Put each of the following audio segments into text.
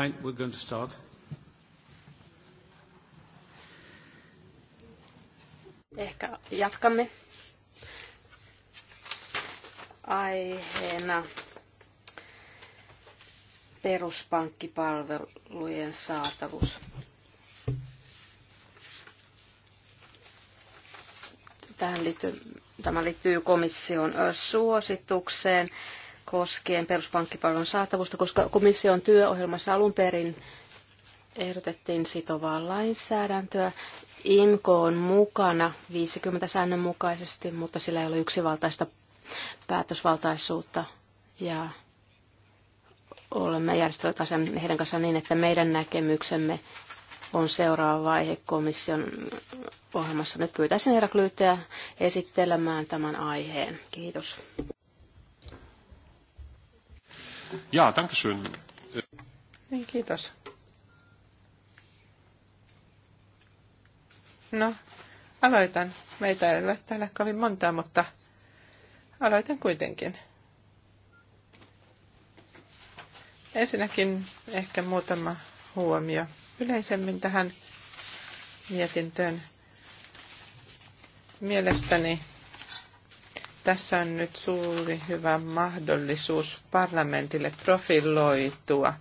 Fine, we're going to start. Ehkä jatkamme aiheena peruspankkipalvelujen saatavuus. Tähän liittyy, tämä liittyy komission suositukseen koskien peruspankkipalvelun saatavuutta, koska komission työohjelmassa alun perin ehdotettiin sitovaa lainsäädäntöä. IMKO on mukana 50 säännön mukaisesti, mutta sillä ei ole yksivaltaista päätösvaltaisuutta. Ja olemme järjestelleet asian heidän kanssaan niin, että meidän näkemyksemme on seuraava vaihe komission ohjelmassa. Nyt pyytäisin herra esittelemään tämän aiheen. Kiitos. Jaa, niin, kiitos. No, aloitan. Meitä ei ole täällä kovin montaa, mutta aloitan kuitenkin. Ensinnäkin ehkä muutama huomio yleisemmin tähän mietintöön. Mielestäni tässä on nyt suuri hyvä mahdollisuus parlamentille profiloitua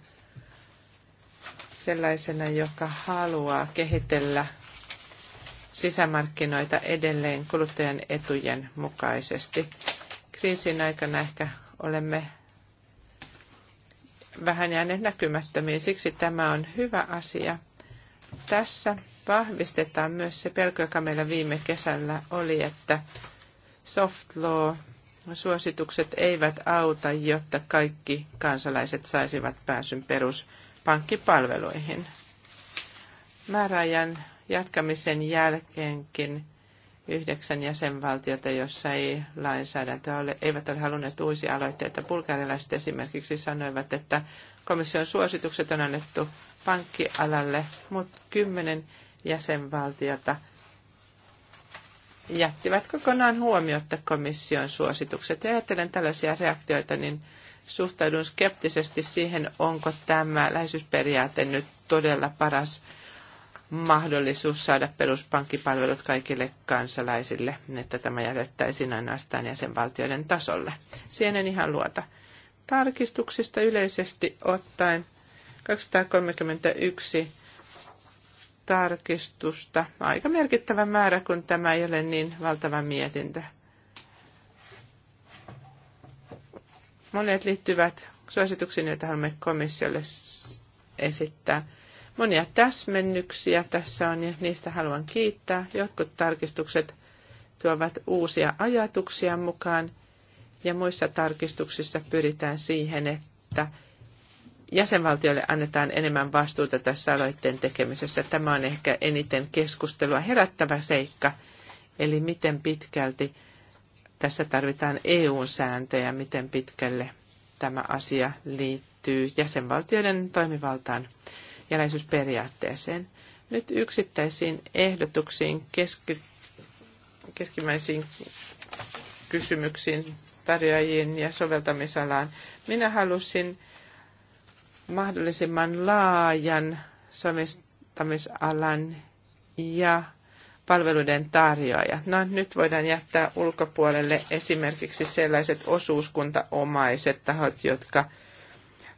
sellaisena, joka haluaa kehitellä sisämarkkinoita edelleen kuluttajan etujen mukaisesti. Kriisin aikana ehkä olemme vähän jääneet näkymättömiin, siksi tämä on hyvä asia. Tässä vahvistetaan myös se pelko, joka meillä viime kesällä oli, että soft law suositukset eivät auta, jotta kaikki kansalaiset saisivat pääsyn peruspankkipalveluihin. Määräajan jatkamisen jälkeenkin yhdeksän jäsenvaltiota, jossa ei lainsäädäntöä ole, eivät ole halunneet uusia aloitteita. Bulgarialaiset esimerkiksi sanoivat, että komission suositukset on annettu pankkialalle, mutta kymmenen jäsenvaltiota jättivät kokonaan huomiotta komission suositukset. Ja ajattelen tällaisia reaktioita, niin suhtaudun skeptisesti siihen, onko tämä läheisyysperiaate nyt todella paras mahdollisuus saada peruspankkipalvelut kaikille kansalaisille, että tämä jätettäisiin ainoastaan jäsenvaltioiden tasolle. Siihen en ihan luota. Tarkistuksista yleisesti ottaen 231 tarkistusta. Aika merkittävä määrä, kun tämä ei ole niin valtava mietintä. Monet liittyvät suosituksiin, joita haluamme komissiolle esittää. Monia täsmennyksiä tässä on ja niistä haluan kiittää. Jotkut tarkistukset tuovat uusia ajatuksia mukaan ja muissa tarkistuksissa pyritään siihen, että jäsenvaltioille annetaan enemmän vastuuta tässä aloitteen tekemisessä. Tämä on ehkä eniten keskustelua herättävä seikka, eli miten pitkälti tässä tarvitaan EU-sääntöjä, miten pitkälle tämä asia liittyy jäsenvaltioiden toimivaltaan ja jäläisyysperiaatteeseen. Nyt yksittäisiin ehdotuksiin, keski, keskimmäisiin kysymyksiin, tarjoajiin ja soveltamisalaan. Minä halusin mahdollisimman laajan soveltamisalan ja palveluiden tarjoajat. No, nyt voidaan jättää ulkopuolelle esimerkiksi sellaiset osuuskuntaomaiset tahot, jotka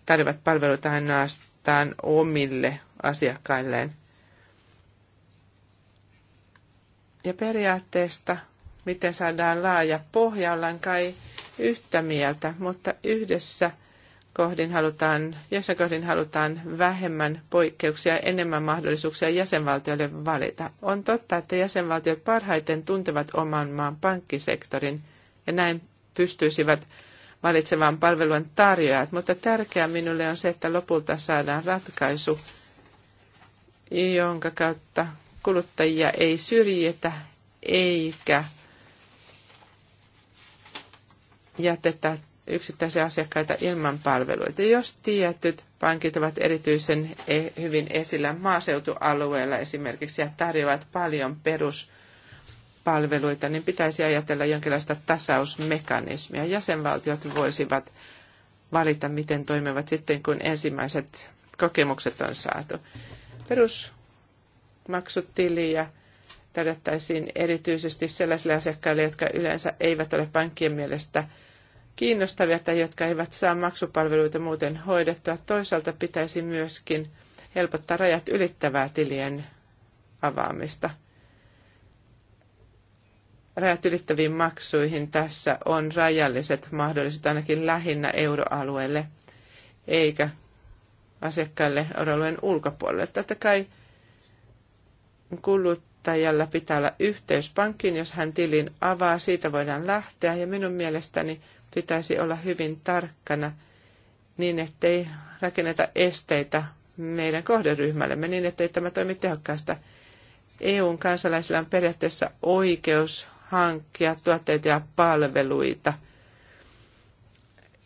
tarjoavat palveluita ainoastaan omille asiakkailleen. Ja periaatteesta, miten saadaan laaja pohja, ollaan kai yhtä mieltä, mutta yhdessä – kohdin halutaan, jossa kohdin halutaan vähemmän poikkeuksia, enemmän mahdollisuuksia jäsenvaltioille valita. On totta, että jäsenvaltiot parhaiten tuntevat oman maan pankkisektorin ja näin pystyisivät valitsemaan palvelun tarjoajat, mutta tärkeää minulle on se, että lopulta saadaan ratkaisu, jonka kautta kuluttajia ei syrjitä eikä jätetä yksittäisiä asiakkaita ilman palveluita. Jos tietyt pankit ovat erityisen e- hyvin esillä maaseutualueella esimerkiksi ja tarjoavat paljon peruspalveluita, niin pitäisi ajatella jonkinlaista tasausmekanismia. Jäsenvaltiot voisivat valita, miten toimivat sitten, kun ensimmäiset kokemukset on saatu. Perusmaksutiliä tarjottaisiin erityisesti sellaisille asiakkaille, jotka yleensä eivät ole pankkien mielestä – kiinnostavia tai jotka eivät saa maksupalveluita muuten hoidettua. Toisaalta pitäisi myöskin helpottaa rajat ylittävää tilien avaamista. Rajat ylittäviin maksuihin tässä on rajalliset mahdollisuudet ainakin lähinnä euroalueelle eikä asiakkaille euroalueen ulkopuolelle. Tätä kai kuluttajalla pitää olla yhteys pankkiin, jos hän tilin avaa, siitä voidaan lähteä ja minun mielestäni pitäisi olla hyvin tarkkana niin, ettei rakenneta esteitä meidän kohderyhmällemme niin, ettei tämä toimi tehokkaasta. EUn kansalaisilla on periaatteessa oikeus hankkia tuotteita ja palveluita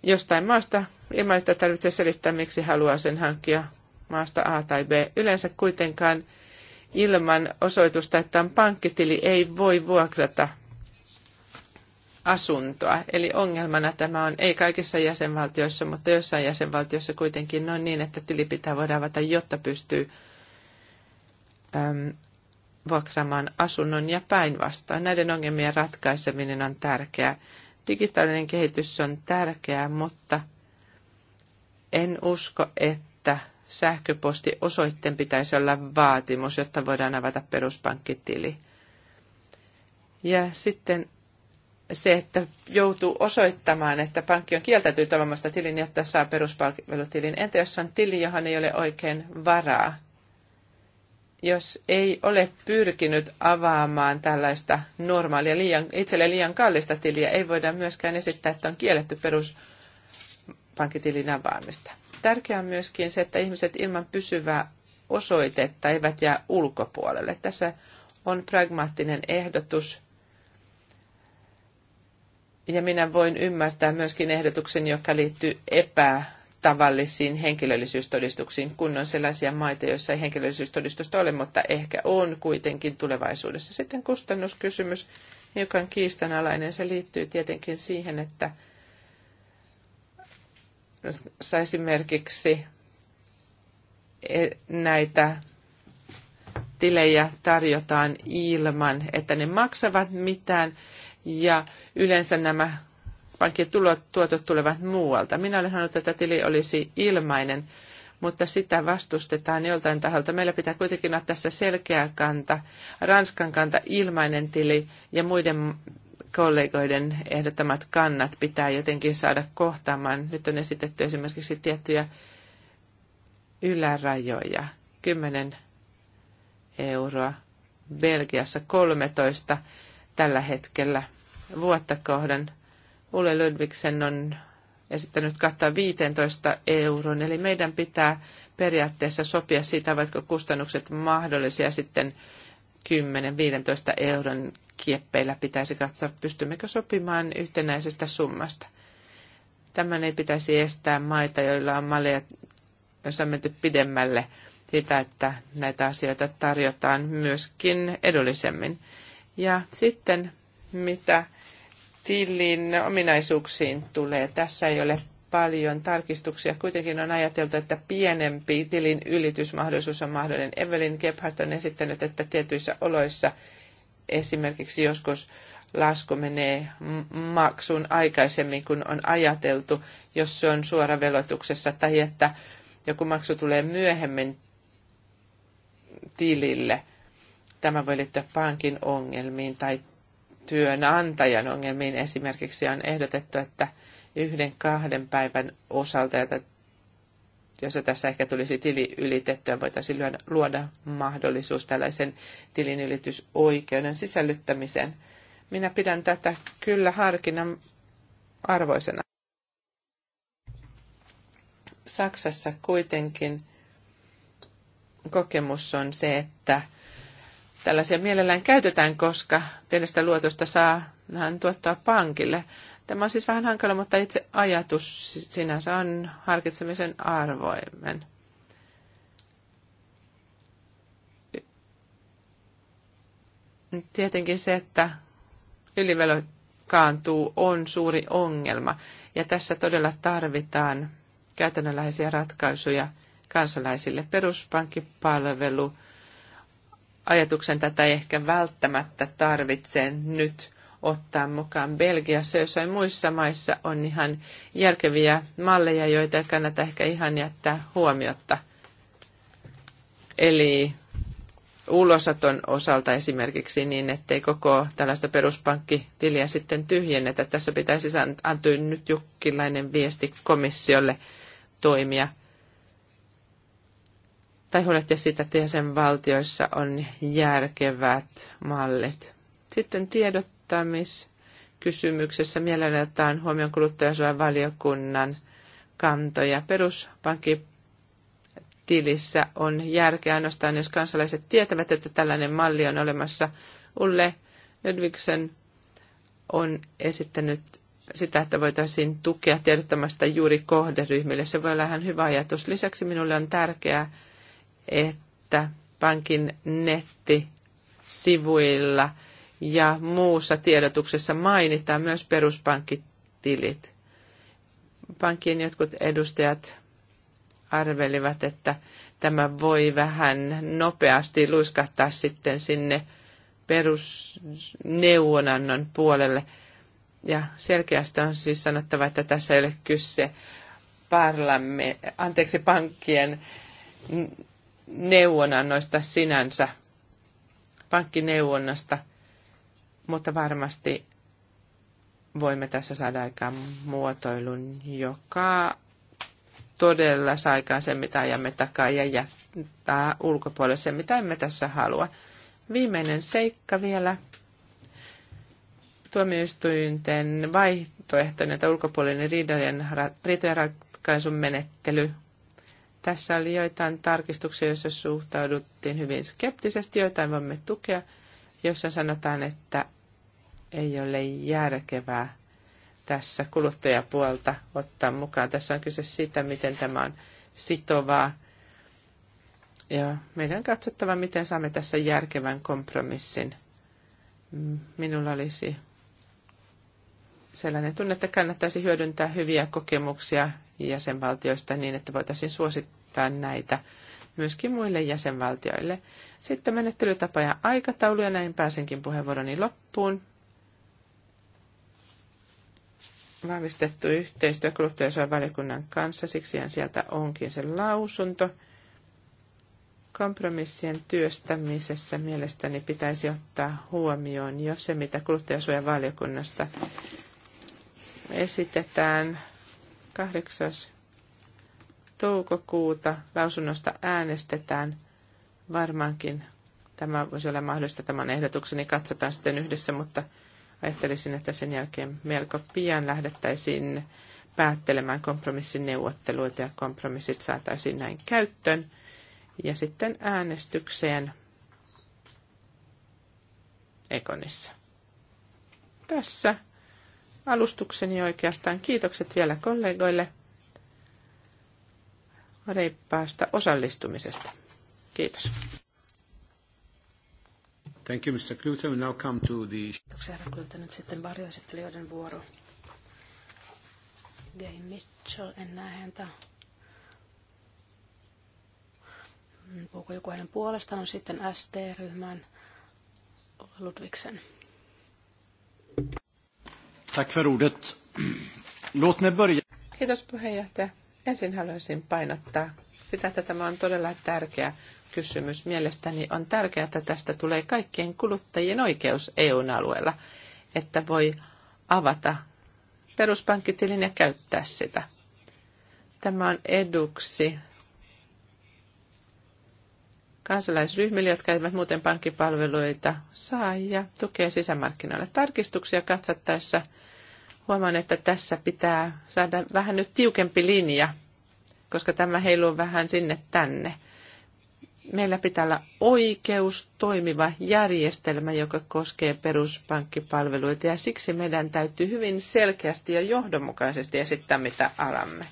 jostain maasta ilman, että tarvitsee selittää, miksi haluaa sen hankkia maasta A tai B. Yleensä kuitenkaan ilman osoitusta, että on pankkitili, ei voi vuokrata asuntoa. Eli ongelmana tämä on, ei kaikissa jäsenvaltioissa, mutta jossain jäsenvaltioissa kuitenkin noin niin, että tili pitää voida avata, jotta pystyy äm, vuokraamaan asunnon ja päinvastoin. Näiden ongelmien ratkaiseminen on tärkeää. Digitaalinen kehitys on tärkeää, mutta en usko, että sähköpostiosoitteen pitäisi olla vaatimus, jotta voidaan avata peruspankkitili. Ja sitten se, että joutuu osoittamaan, että pankki on kieltäytynyt avaamasta tilin, jotta saa peruspalvelutilin. Entä jos on tili, johon ei ole oikein varaa? Jos ei ole pyrkinyt avaamaan tällaista normaalia, liian, itselle liian kallista tiliä, ei voida myöskään esittää, että on kielletty peruspankkitilin avaamista. Tärkeää on myöskin se, että ihmiset ilman pysyvää osoitetta eivät jää ulkopuolelle. Tässä on pragmaattinen ehdotus – ja minä voin ymmärtää myöskin ehdotuksen, joka liittyy epätavallisiin henkilöllisyystodistuksiin, kun on sellaisia maita, joissa ei henkilöllisyystodistusta ole, mutta ehkä on kuitenkin tulevaisuudessa. Sitten kustannuskysymys, joka on kiistanalainen, se liittyy tietenkin siihen, että esimerkiksi näitä tilejä tarjotaan ilman, että ne maksavat mitään ja yleensä nämä pankkien tuotot tulevat muualta. Minä olen sanonut, että tili olisi ilmainen, mutta sitä vastustetaan joltain taholta. Meillä pitää kuitenkin olla tässä selkeä kanta, Ranskan kanta, ilmainen tili ja muiden kollegoiden ehdottamat kannat pitää jotenkin saada kohtaamaan. Nyt on esitetty esimerkiksi tiettyjä ylärajoja, 10 euroa, Belgiassa 13 tällä hetkellä – vuotta kohden. Ulle Ludvigsen on esittänyt kattaa 15 euron, eli meidän pitää periaatteessa sopia siitä, vaikka kustannukset mahdollisia sitten 10-15 euron kieppeillä pitäisi katsoa, pystymmekö sopimaan yhtenäisestä summasta. Tämän ei pitäisi estää maita, joilla on malleja, joissa on menty pidemmälle sitä, että näitä asioita tarjotaan myöskin edullisemmin. Ja sitten mitä tilin ominaisuuksiin tulee. Tässä ei ole paljon tarkistuksia. Kuitenkin on ajateltu, että pienempi tilin ylitysmahdollisuus on mahdollinen. Evelyn Gebhardt on esittänyt, että tietyissä oloissa esimerkiksi joskus lasku menee maksuun aikaisemmin kuin on ajateltu, jos se on velotuksessa tai että joku maksu tulee myöhemmin tilille. Tämä voi liittyä pankin ongelmiin tai työnantajan ongelmiin esimerkiksi on ehdotettu, että yhden kahden päivän osalta, jota, jossa tässä ehkä tulisi tili ylitettyä, voitaisiin luoda, luoda mahdollisuus tällaisen tilinylitysoikeuden sisällyttämiseen. Minä pidän tätä kyllä harkinnan arvoisena. Saksassa kuitenkin kokemus on se, että Tällaisia mielellään käytetään, koska pienestä luotosta saa hän tuottaa pankille. Tämä on siis vähän hankala, mutta itse ajatus sinänsä on harkitsemisen arvoimen. Tietenkin se, että kaantuu on suuri ongelma. Ja tässä todella tarvitaan käytännönläheisiä ratkaisuja kansalaisille. Peruspankkipalvelu – ajatuksen tätä ei ehkä välttämättä tarvitse nyt ottaa mukaan Belgiassa. Jossain muissa maissa on ihan järkeviä malleja, joita ei kannata ehkä ihan jättää huomiotta. Eli ulosoton osalta esimerkiksi niin, ettei koko tällaista peruspankkitiliä sitten tyhjennetä. Tässä pitäisi antaa nyt jokinlainen viesti komissiolle toimia – tai huolehtia siitä, että jäsenvaltioissa on järkevät mallit. Sitten tiedottamiskysymyksessä mielellään otetaan huomioon kuluttajasuojan valiokunnan kantoja. Peruspankkitilissä on järkeä ainoastaan, jos kansalaiset tietävät, että tällainen malli on olemassa. Ulle Ludvigsen on esittänyt sitä, että voitaisiin tukea tiedottamasta juuri kohderyhmille. Se voi olla ihan hyvä ajatus. Lisäksi minulle on tärkeää, että pankin nettisivuilla ja muussa tiedotuksessa mainitaan myös peruspankkitilit. Pankin jotkut edustajat arvelivat, että tämä voi vähän nopeasti luiskahtaa sitten sinne perusneuvonannon puolelle. Ja selkeästi on siis sanottava, että tässä ei ole kyse parlamme, anteeksi, pankkien neuvonannoista sinänsä, pankkineuvonnasta, mutta varmasti voimme tässä saada aikaan muotoilun, joka todella saa aikaan sen, mitä ajamme takaa ja jättää ulkopuolelle sen, mitä emme tässä halua. Viimeinen seikka vielä. Tuomioistuinten vaihtoehtoinen tai ulkopuolinen riitojen ratkaisun menettely tässä oli joitain tarkistuksia, joissa suhtauduttiin hyvin skeptisesti, joitain voimme tukea, jossa sanotaan, että ei ole järkevää tässä kuluttajapuolta ottaa mukaan. Tässä on kyse siitä, miten tämä on sitovaa. Ja meidän on katsottava, miten saamme tässä järkevän kompromissin. Minulla olisi sellainen tunne, että kannattaisi hyödyntää hyviä kokemuksia jäsenvaltioista niin, että voitaisiin suosittaa näitä myöskin muille jäsenvaltioille. Sitten menettelytapa ja aikataulu, ja näin pääsenkin puheenvuoroni loppuun. Vahvistettu yhteistyö valiokunnan kanssa, siksi sieltä onkin se lausunto. Kompromissien työstämisessä mielestäni pitäisi ottaa huomioon jo se, mitä kuluttajasuojavaliokunnasta esitetään 8. toukokuuta lausunnosta äänestetään. Varmaankin tämä voisi olla mahdollista tämän ehdotukseni. Katsotaan sitten yhdessä, mutta ajattelisin, että sen jälkeen melko pian lähdettäisiin päättelemään kompromissin neuvotteluita ja kompromissit saataisiin näin käyttöön. Ja sitten äänestykseen Ekonissa. Tässä alustukseni oikeastaan. Kiitokset vielä kollegoille reippaasta osallistumisesta. Kiitos. Thank you, Mr. Kluten. We now come to the... Kiitoksia, herra Kluten. Nyt sitten varjoesittelijöiden vuoro. Gay Mitchell, en näe häntä. Puhuuko joku hänen puolestaan? On no sitten SD-ryhmän Ludvigsen. Tack för ordet. Låt mig börja. Kiitos puheenjohtaja. Ensin haluaisin painottaa sitä, että tämä on todella tärkeä kysymys. Mielestäni on tärkeää, että tästä tulee kaikkien kuluttajien oikeus eu alueella, että voi avata peruspankkitilin ja käyttää sitä. Tämä on eduksi kansalaisryhmille, jotka eivät muuten pankkipalveluita saa ja tukee sisämarkkinoille tarkistuksia katsottaessa – Huomaan, että tässä pitää saada vähän nyt tiukempi linja, koska tämä heiluu vähän sinne tänne. Meillä pitää olla oikeus toimiva järjestelmä, joka koskee peruspankkipalveluita, ja siksi meidän täytyy hyvin selkeästi ja johdonmukaisesti esittää, mitä alamme.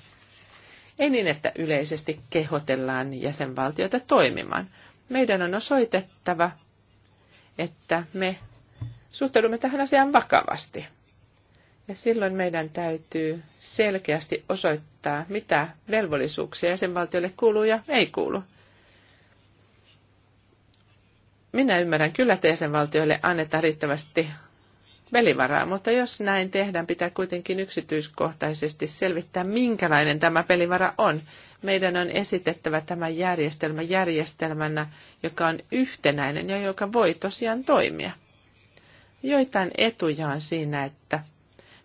Ei niin, että yleisesti kehotellaan jäsenvaltioita toimimaan. Meidän on osoitettava, että me suhtaudumme tähän asiaan vakavasti. Ja silloin meidän täytyy selkeästi osoittaa, mitä velvollisuuksia jäsenvaltiolle kuuluu ja ei kuulu. Minä ymmärrän kyllä, että jäsenvaltioille annetaan riittävästi pelivaraa, mutta jos näin tehdään, pitää kuitenkin yksityiskohtaisesti selvittää, minkälainen tämä pelivara on. Meidän on esitettävä tämä järjestelmä järjestelmänä, joka on yhtenäinen ja joka voi tosiaan toimia. Joitain etuja on siinä, että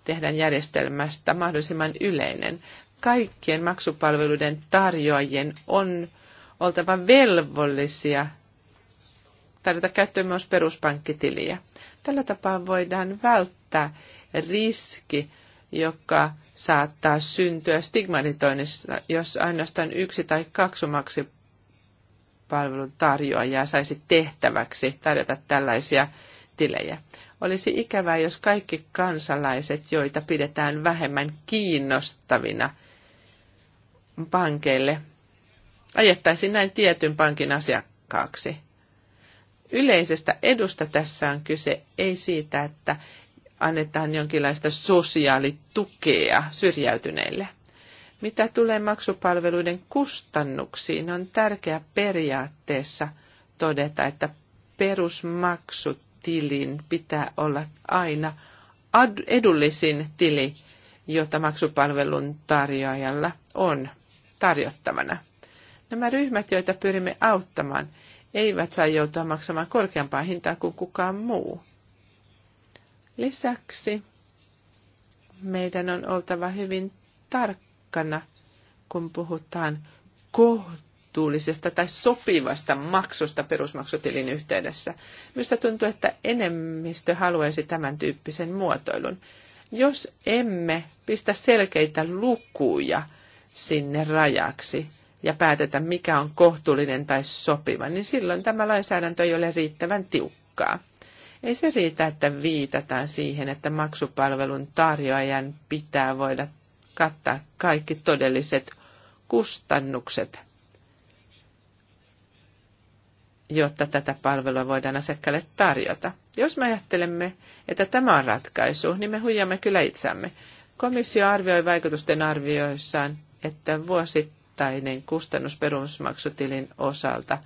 tehdään järjestelmästä mahdollisimman yleinen. Kaikkien maksupalveluiden tarjoajien on oltava velvollisia tarjota käyttöön myös peruspankkitiliä. Tällä tapaa voidaan välttää riski, joka saattaa syntyä stigmatitoinnissa, jos ainoastaan yksi tai kaksi maksupalvelun tarjoajaa saisi tehtäväksi tarjota tällaisia tilejä. Olisi ikävää, jos kaikki kansalaiset, joita pidetään vähemmän kiinnostavina pankeille, ajettaisiin näin tietyn pankin asiakkaaksi. Yleisestä edusta tässä on kyse, ei siitä, että annetaan jonkinlaista sosiaalitukea syrjäytyneille. Mitä tulee maksupalveluiden kustannuksiin, on tärkeää periaatteessa todeta, että perusmaksut tilin pitää olla aina edullisin tili, jota maksupalvelun tarjoajalla on tarjottavana. Nämä ryhmät, joita pyrimme auttamaan, eivät saa joutua maksamaan korkeampaa hintaa kuin kukaan muu. Lisäksi meidän on oltava hyvin tarkkana, kun puhutaan kohtuullisuudesta kohtuullisesta tai sopivasta maksusta perusmaksutilin yhteydessä. Minusta tuntuu, että enemmistö haluaisi tämän tyyppisen muotoilun. Jos emme pistä selkeitä lukuja sinne rajaksi ja päätetä, mikä on kohtuullinen tai sopiva, niin silloin tämä lainsäädäntö ei ole riittävän tiukkaa. Ei se riitä, että viitataan siihen, että maksupalvelun tarjoajan pitää voida kattaa kaikki todelliset kustannukset jotta tätä palvelua voidaan asiakkaalle tarjota. Jos me ajattelemme, että tämä on ratkaisu, niin me huijamme kyllä itseämme. Komissio arvioi vaikutusten arvioissaan, että vuosittainen kustannus perusmaksutilin osalta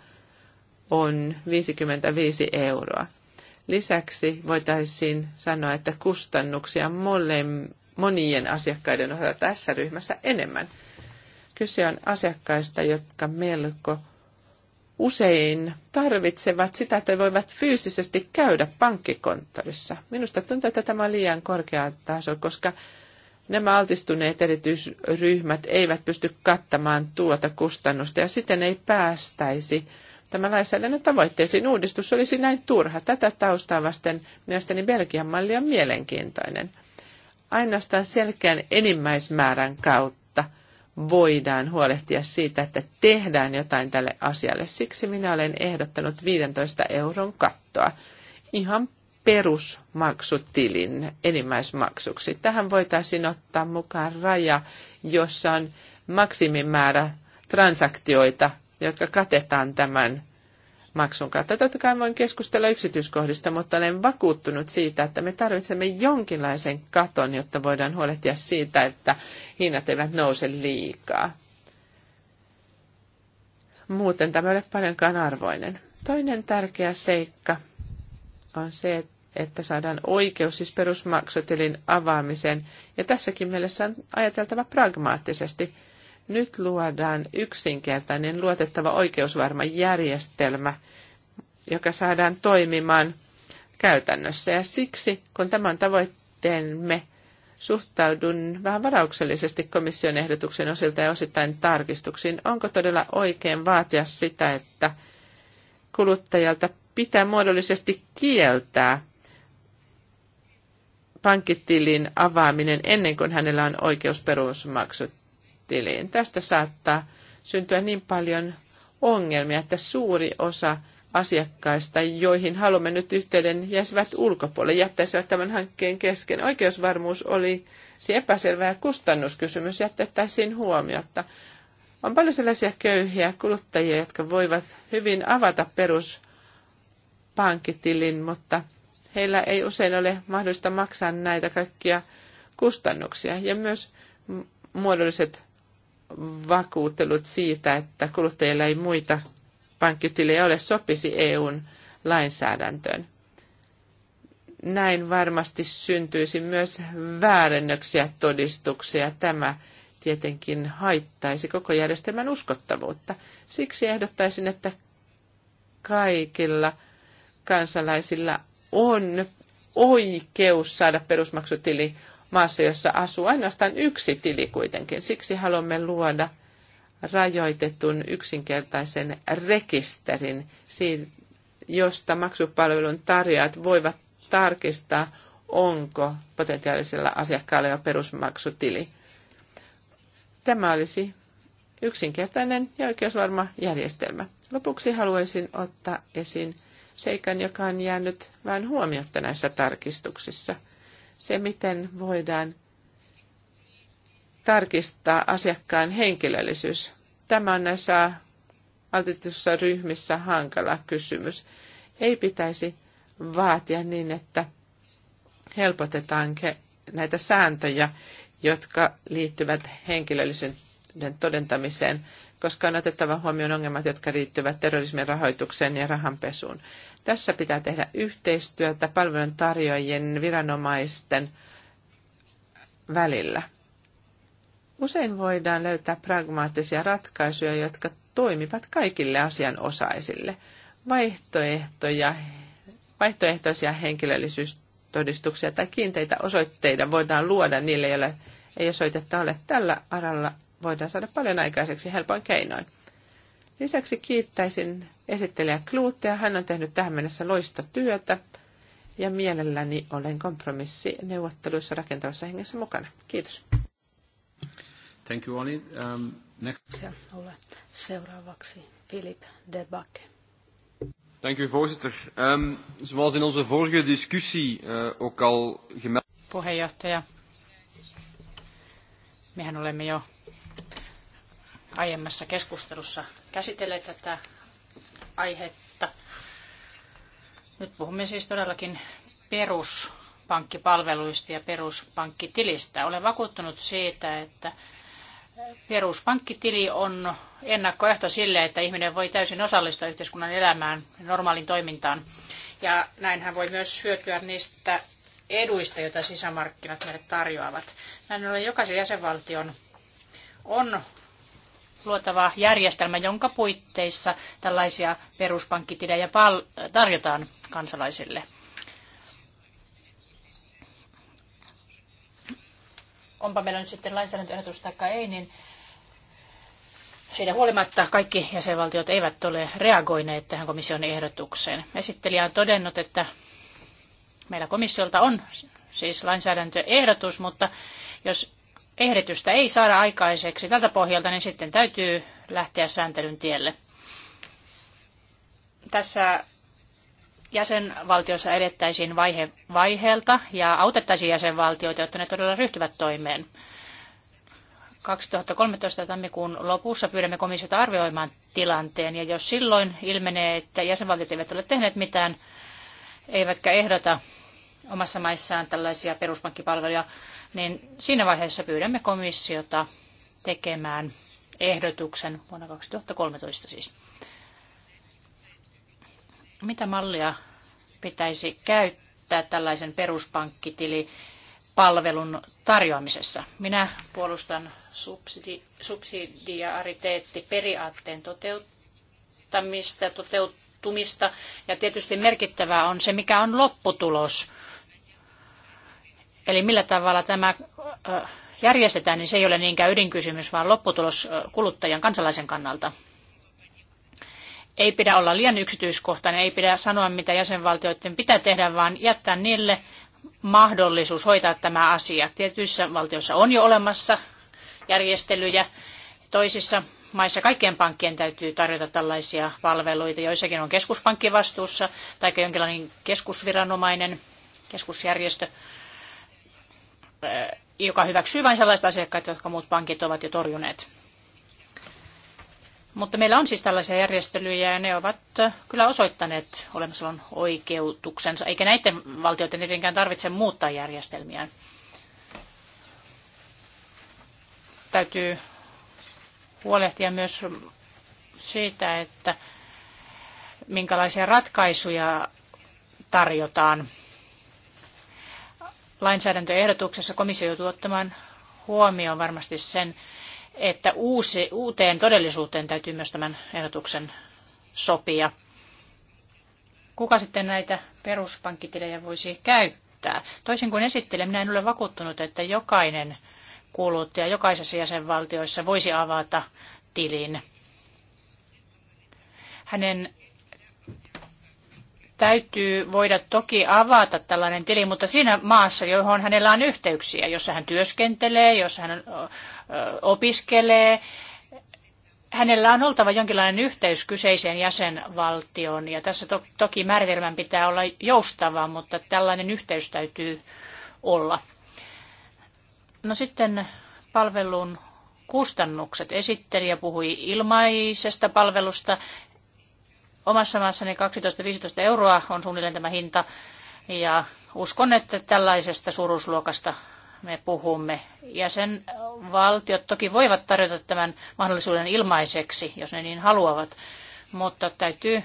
on 55 euroa. Lisäksi voitaisiin sanoa, että kustannuksia monien asiakkaiden osalta tässä ryhmässä enemmän. Kyse on asiakkaista, jotka melko – usein tarvitsevat sitä, että voivat fyysisesti käydä pankkikonttorissa. Minusta tuntuu, että tämä on liian korkea taso, koska nämä altistuneet erityisryhmät eivät pysty kattamaan tuota kustannusta ja siten ei päästäisi tämän lainsäädännön tavoitteisiin. Uudistus olisi näin turha. Tätä taustaa vasten mielestäni Belgian malli on mielenkiintoinen. Ainoastaan selkeän enimmäismäärän kautta voidaan huolehtia siitä, että tehdään jotain tälle asialle. Siksi minä olen ehdottanut 15 euron kattoa ihan perusmaksutilin enimmäismaksuksi. Tähän voitaisiin ottaa mukaan raja, jossa on maksimimäärä transaktioita, jotka katetaan tämän maksun kautta. Totta kai voin keskustella yksityiskohdista, mutta olen vakuuttunut siitä, että me tarvitsemme jonkinlaisen katon, jotta voidaan huolehtia siitä, että hinnat eivät nouse liikaa. Muuten tämä ei ole paljonkaan arvoinen. Toinen tärkeä seikka on se, että saadaan oikeus siis perusmaksutilin avaamiseen. Ja tässäkin mielessä on ajateltava pragmaattisesti – nyt luodaan yksinkertainen, luotettava oikeusvarma järjestelmä, joka saadaan toimimaan käytännössä. Ja siksi, kun tämän tavoitteemme, suhtaudun vähän varauksellisesti komission ehdotuksen osilta ja osittain tarkistuksiin. Onko todella oikein vaatia sitä, että kuluttajalta pitää muodollisesti kieltää pankkitilin avaaminen ennen kuin hänellä on oikeus perusmaksut tiliin. Tästä saattaa syntyä niin paljon ongelmia, että suuri osa asiakkaista, joihin haluamme nyt yhteyden, jäisivät ulkopuolelle, jättäisivät tämän hankkeen kesken. Oikeusvarmuus oli epäselvä ja kustannuskysymys jättäisiin huomiota. On paljon sellaisia köyhiä kuluttajia, jotka voivat hyvin avata peruspankkitilin, mutta heillä ei usein ole mahdollista maksaa näitä kaikkia kustannuksia. Ja myös muodolliset vakuutelut siitä, että kuluttajilla ei muita pankkitilejä ole, sopisi EUn lainsäädäntöön. Näin varmasti syntyisi myös väärennöksiä, todistuksia. Tämä tietenkin haittaisi koko järjestelmän uskottavuutta. Siksi ehdottaisin, että kaikilla kansalaisilla on oikeus saada perusmaksutili maassa, jossa asuu ainoastaan yksi tili kuitenkin. Siksi haluamme luoda rajoitetun yksinkertaisen rekisterin, josta maksupalvelun tarjoajat voivat tarkistaa, onko potentiaalisella asiakkaalla jo perusmaksutili. Tämä olisi yksinkertainen ja oikeusvarma järjestelmä. Lopuksi haluaisin ottaa esiin seikan, joka on jäänyt vain huomiotta näissä tarkistuksissa – se, miten voidaan tarkistaa asiakkaan henkilöllisyys. Tämä on näissä altitussa ryhmissä hankala kysymys. Ei pitäisi vaatia niin, että helpotetaan näitä sääntöjä, jotka liittyvät henkilöllisyyden todentamiseen koska on otettava huomioon ongelmat, jotka liittyvät terrorismin rahoitukseen ja rahanpesuun. Tässä pitää tehdä yhteistyötä tarjoajien viranomaisten välillä. Usein voidaan löytää pragmaattisia ratkaisuja, jotka toimivat kaikille asianosaisille. Vaihtoehtoja, vaihtoehtoisia henkilöllisyystodistuksia tai kiinteitä osoitteita voidaan luoda niille, joille ei osoitetta ole. Tällä aralla voidaan saada paljon aikaiseksi helpoin keinoin. Lisäksi kiittäisin esittelijä Kluuttia. Hän on tehnyt tähän mennessä työtä ja mielelläni olen kompromissi neuvotteluissa rakentavassa hengessä mukana. Kiitos. Thank you, Oli. Um, next. Seuraavaksi Filip Debake. Dank u voorzitter. Um, zoals in onze vorige discussie uh, ook al gemeld... Puheenjohtaja, mehän olemme jo aiemmassa keskustelussa käsitelleet tätä aihetta. Nyt puhumme siis todellakin peruspankkipalveluista ja peruspankkitilistä. Olen vakuuttunut siitä, että peruspankkitili on ennakkoehto sille, että ihminen voi täysin osallistua yhteiskunnan elämään, normaalin toimintaan. Ja näin hän voi myös hyötyä niistä eduista, joita sisämarkkinat meille tarjoavat. Näin ollen jokaisen jäsenvaltion on luotava järjestelmä, jonka puitteissa tällaisia peruspankkitilejä tarjotaan kansalaisille. Onpa meillä nyt sitten lainsäädäntöehdotus tai ei, niin siitä huolimatta kaikki jäsenvaltiot eivät ole reagoineet tähän komission ehdotukseen. Esittelijä on todennut, että meillä komissiolta on siis lainsäädäntöehdotus, mutta jos ehdotusta ei saada aikaiseksi tältä pohjalta, niin sitten täytyy lähteä sääntelyn tielle. Tässä jäsenvaltiossa edettäisiin vaihe vaiheelta ja autettaisiin jäsenvaltioita, jotta ne todella ryhtyvät toimeen. 2013 tammikuun lopussa pyydämme komissiota arvioimaan tilanteen, ja jos silloin ilmenee, että jäsenvaltiot eivät ole tehneet mitään, eivätkä ehdota omassa maissaan tällaisia peruspankkipalveluja, niin siinä vaiheessa pyydämme komissiota tekemään ehdotuksen vuonna 2013 siis. Mitä mallia pitäisi käyttää tällaisen peruspankkitili palvelun tarjoamisessa. Minä puolustan subsidiariteettiperiaatteen toteuttamista, toteutumista ja tietysti merkittävää on se, mikä on lopputulos. Eli millä tavalla tämä järjestetään, niin se ei ole niinkään ydinkysymys, vaan lopputulos kuluttajan kansalaisen kannalta. Ei pidä olla liian yksityiskohtainen, ei pidä sanoa, mitä jäsenvaltioiden pitää tehdä, vaan jättää niille mahdollisuus hoitaa tämä asia. Tietyissä valtioissa on jo olemassa järjestelyjä, toisissa maissa kaikkien pankkien täytyy tarjota tällaisia palveluita. Joissakin on keskuspankki vastuussa tai jonkinlainen keskusviranomainen, keskusjärjestö. Eh, joka hyväksyy vain sellaiset asiakkaat, jotka muut pankit ovat jo torjuneet. Mutta meillä on siis tällaisia järjestelyjä ja ne ovat eh, kyllä osoittaneet olemassaolon oikeutuksensa, eikä näiden valtioiden tietenkään tarvitse muuttaa järjestelmiään. Täytyy huolehtia myös siitä, että minkälaisia ratkaisuja tarjotaan lainsäädäntöehdotuksessa komissio joutuu ottamaan huomioon varmasti sen, että uusi, uuteen todellisuuteen täytyy myös tämän ehdotuksen sopia. Kuka sitten näitä peruspankkitilejä voisi käyttää? Toisin kuin esittelen, minä en ole vakuuttunut, että jokainen kuluttaja jokaisessa jäsenvaltioissa voisi avata tilin. Hänen täytyy voida toki avata tällainen tili, mutta siinä maassa, johon hänellä on yhteyksiä, jossa hän työskentelee, jossa hän opiskelee, hänellä on oltava jonkinlainen yhteys kyseiseen jäsenvaltioon. Ja tässä to- toki määritelmän pitää olla joustava, mutta tällainen yhteys täytyy olla. No sitten palvelun kustannukset. Esittelijä puhui ilmaisesta palvelusta. Omassa maassani 12-15 euroa on suunnilleen tämä hinta ja uskon, että tällaisesta suuruusluokasta me puhumme. Ja sen valtiot toki voivat tarjota tämän mahdollisuuden ilmaiseksi, jos ne niin haluavat, mutta täytyy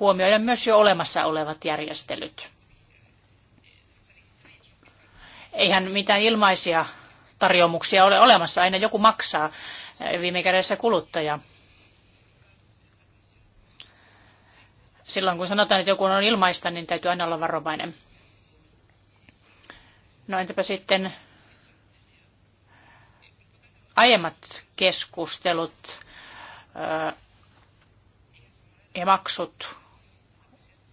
huomioida myös jo olemassa olevat järjestelyt. Eihän mitään ilmaisia tarjoamuksia ole olemassa, aina joku maksaa viime kädessä kuluttaja. silloin kun sanotaan, että joku on ilmaista, niin täytyy aina olla varovainen. No entäpä sitten aiemmat keskustelut ja maksut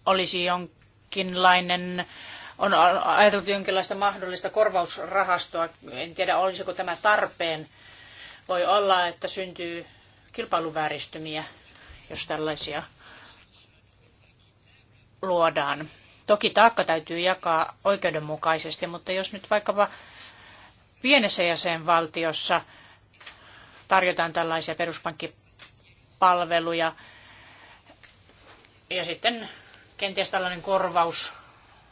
olisi jonkinlainen, on ajateltu jonkinlaista mahdollista korvausrahastoa. En tiedä, olisiko tämä tarpeen. Voi olla, että syntyy kilpailuvääristymiä, jos tällaisia luodaan. Toki taakka täytyy jakaa oikeudenmukaisesti, mutta jos nyt vaikkapa pienessä jäsenvaltiossa tarjotaan tällaisia peruspankkipalveluja ja sitten kenties tällainen korvaus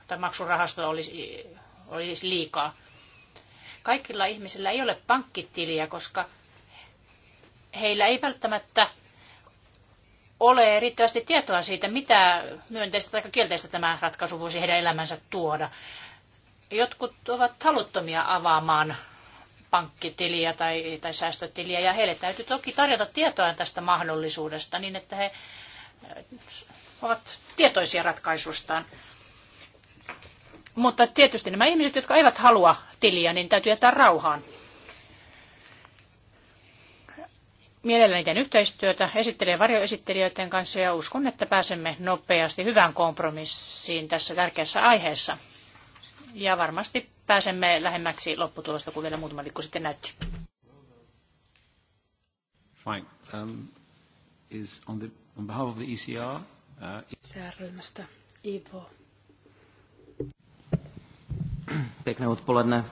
tai maksurahasto olisi, olisi liikaa. Kaikilla ihmisillä ei ole pankkitiliä, koska heillä ei välttämättä ole riittävästi tietoa siitä, mitä myönteistä tai kielteistä tämä ratkaisu voisi heidän elämänsä tuoda. Jotkut ovat haluttomia avaamaan pankkitiliä tai, tai säästötiliä, ja heille täytyy toki tarjota tietoa tästä mahdollisuudesta niin, että he äh, ovat tietoisia ratkaisustaan. Mutta tietysti nämä ihmiset, jotka eivät halua tiliä, niin täytyy jättää rauhaan. mielelläni teen yhteistyötä esittelijä varjoesittelijöiden kanssa ja uskon, että pääsemme nopeasti hyvään kompromissiin tässä tärkeässä aiheessa. Ja varmasti pääsemme lähemmäksi lopputulosta, kuin vielä muutama viikko sitten näytti. Fine. Um, is on, the, on behalf of the ECR... Uh, Sääryhmästä e Ivo. Pekne odpoledne,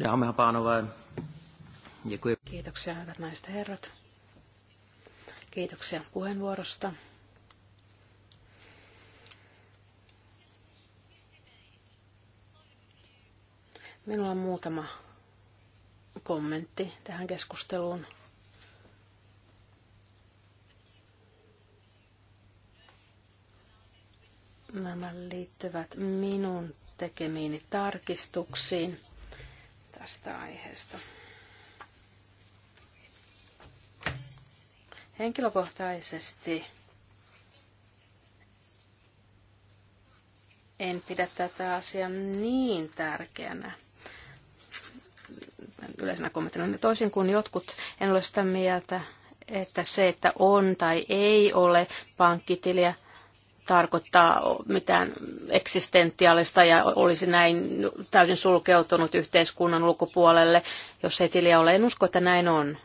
dámy a pánové. Děkuji. Kiitoksia, hyvät naiset herrat. Kiitoksia puheenvuorosta. Minulla on muutama kommentti tähän keskusteluun. Nämä liittyvät minun tekemiini tarkistuksiin tästä aiheesta. Henkilökohtaisesti en pidä tätä asiaa niin tärkeänä yleisenä kommenttina. Toisin kuin jotkut, en ole sitä mieltä, että se, että on tai ei ole pankkitiliä, tarkoittaa mitään eksistentiaalista ja olisi näin täysin sulkeutunut yhteiskunnan ulkopuolelle, jos ei tiliä ole. En usko, että näin on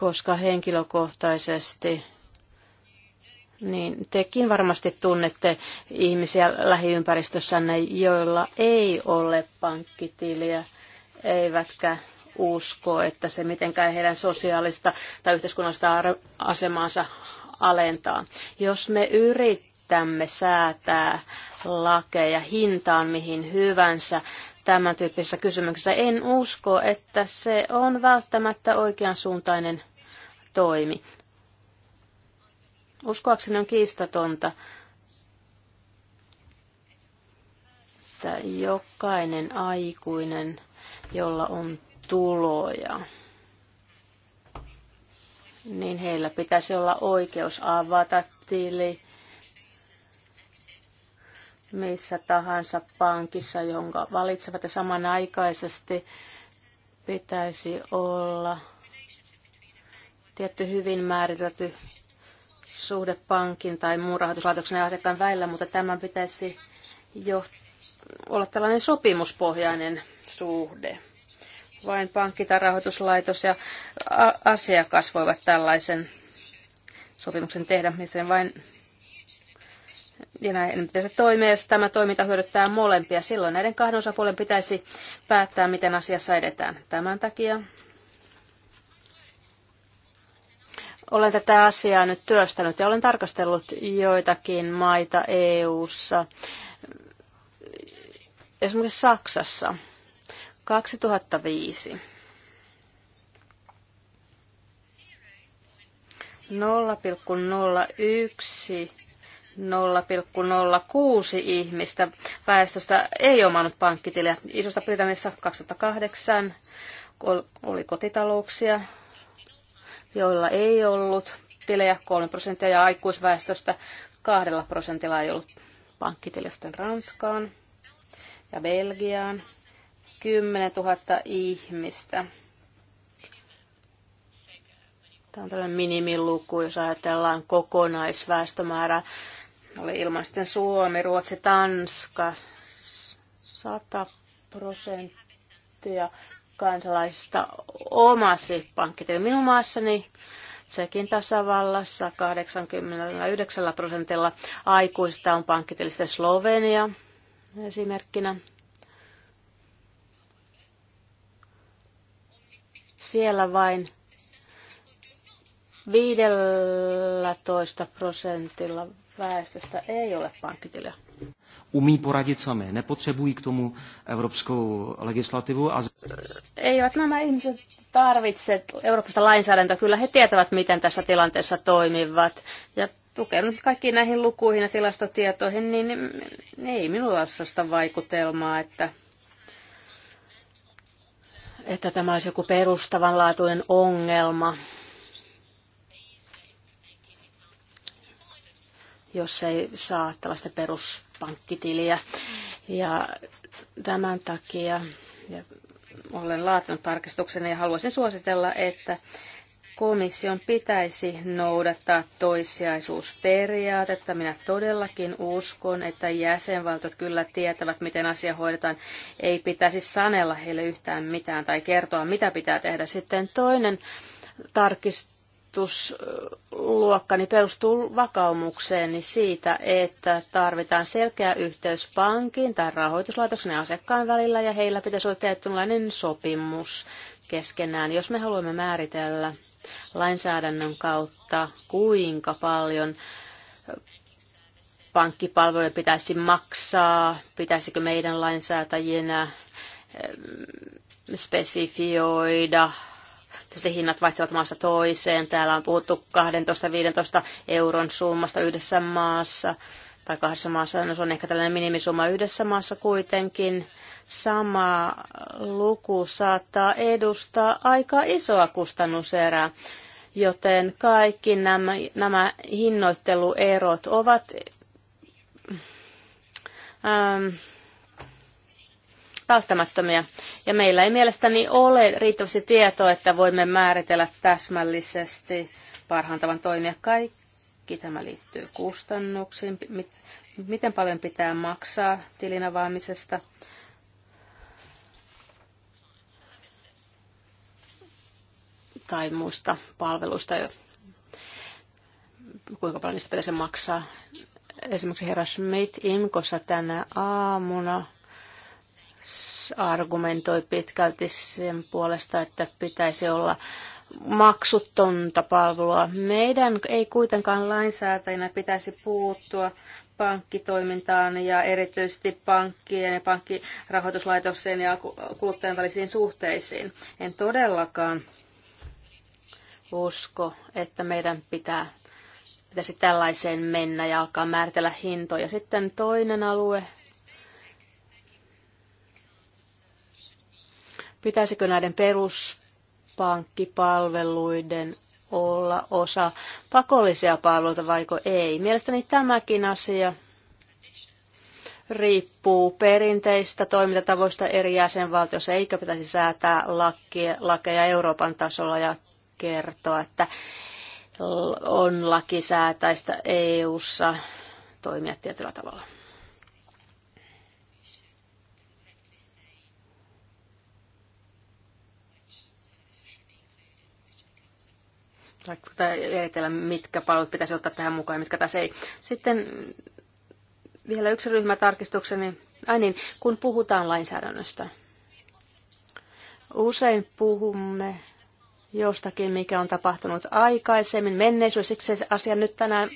koska henkilökohtaisesti niin tekin varmasti tunnette ihmisiä lähiympäristössänne, joilla ei ole pankkitiliä, eivätkä usko, että se mitenkään heidän sosiaalista tai yhteiskunnallista asemaansa alentaa. Jos me yritämme säätää lakeja hintaan mihin hyvänsä, tämän tyyppisessä kysymyksessä, en usko, että se on välttämättä oikeansuuntainen toimi. Uskoakseni on kiistatonta, että jokainen aikuinen, jolla on tuloja, niin heillä pitäisi olla oikeus avata tili missä tahansa pankissa, jonka valitsevat ja samanaikaisesti pitäisi olla tietty hyvin määritelty suhde pankin tai muun rahoituslaitoksen ja asiakkaan välillä, mutta tämän pitäisi jo olla tällainen sopimuspohjainen suhde. Vain pankki tai rahoituslaitos ja asiakas voivat tällaisen sopimuksen tehdä, missä vain ja näin se toimii, jos tämä toiminta hyödyttää molempia. Silloin näiden kahden osapuolen pitäisi päättää, miten asiassa edetään. Tämän takia Olen tätä asiaa nyt työstänyt ja olen tarkastellut joitakin maita EU-ssa, esimerkiksi Saksassa 2005. 0,01 0,06 ihmistä väestöstä ei omannut pankkitiliä. Isosta Britanniassa 2008 oli kotitalouksia, joilla ei ollut tilejä 3 prosenttia ja aikuisväestöstä kahdella prosentilla ei ollut pankkitilistä Ranskaan ja Belgiaan. 10 000 ihmistä. Tämä on tällainen minimiluku, jos ajatellaan kokonaisväestömäärä. Oli ilman Suomi, Ruotsi, Tanska, 100 prosenttia kansalaisista omasi pankkitili. Minun maassani Tsekin tasavallassa 89 prosentilla aikuisista on pankkitilistä Slovenia esimerkkinä. Siellä vain 15 prosentilla väestöstä ei ole pankkitiliä. Umí poradit sami, nepotřebují k tomu evropskou legislativu. A... Eivät nämä ihmiset tarvitse eurooppista lainsäädäntöä. Kyllä he tietävät, miten tässä tilanteessa toimivat. Ja tukenut kaikkiin näihin lukuihin ja tilastotietoihin, niin ei minulla ole sellaista vaikutelmaa, että että tämä olisi joku perustavanlaatuinen ongelma jos ei saa tällaista peruspankkitiliä. Ja tämän takia ja olen laatinut tarkistuksen ja haluaisin suositella, että komission pitäisi noudattaa toissijaisuusperiaatetta. Minä todellakin uskon, että jäsenvaltiot kyllä tietävät, miten asia hoidetaan. Ei pitäisi sanella heille yhtään mitään tai kertoa, mitä pitää tehdä. Sitten toinen tarkistus ajatusluokkani perustuu niin siitä, että tarvitaan selkeä yhteys pankin tai rahoituslaitoksen ja asiakkaan välillä ja heillä pitäisi olla tietynlainen sopimus keskenään, jos me haluamme määritellä lainsäädännön kautta, kuinka paljon pankkipalveluja pitäisi maksaa, pitäisikö meidän lainsäätäjinä eh, spesifioida sitten hinnat vaihtelevat maasta toiseen. Täällä on puhuttu 12-15 euron summasta yhdessä maassa tai kahdessa maassa. No, se on ehkä tällainen minimisumma yhdessä maassa kuitenkin. Sama luku saattaa edustaa aika isoa kustannuserää joten kaikki nämä, nämä hinnoitteluerot ovat ähm, välttämättömiä. Ja meillä ei mielestäni ole riittävästi tietoa, että voimme määritellä täsmällisesti parhaan tavan toimia kaikki. Tämä liittyy kustannuksiin, miten paljon pitää maksaa tilin avaamisesta. tai muista palveluista, kuinka paljon niistä pitäisi maksaa. Esimerkiksi herra Schmidt Imkossa tänä aamuna argumentoi pitkälti sen puolesta, että pitäisi olla maksuttonta palvelua. Meidän ei kuitenkaan lainsäätäjinä pitäisi puuttua pankkitoimintaan ja erityisesti pankkien ja pankkirahoituslaitokseen ja kuluttajan välisiin suhteisiin. En todellakaan usko, että meidän pitää, pitäisi tällaiseen mennä ja alkaa määritellä hintoja. Sitten toinen alue, Pitäisikö näiden peruspankkipalveluiden olla osa pakollisia palveluita vaiko ei? Mielestäni tämäkin asia riippuu perinteistä toimintatavoista eri jäsenvaltioissa, eikä pitäisi säätää lakeja Euroopan tasolla ja kertoa, että on lakisäätäistä EU-ssa toimia tietyllä tavalla. tai eritellä, mitkä palvelut pitäisi ottaa tähän mukaan ja mitkä taas ei. Sitten vielä yksi ryhmätarkistukseni. Ai niin, kun puhutaan lainsäädännöstä. Usein puhumme jostakin, mikä on tapahtunut aikaisemmin, menneisyydessä, siksi se asia nyt tänään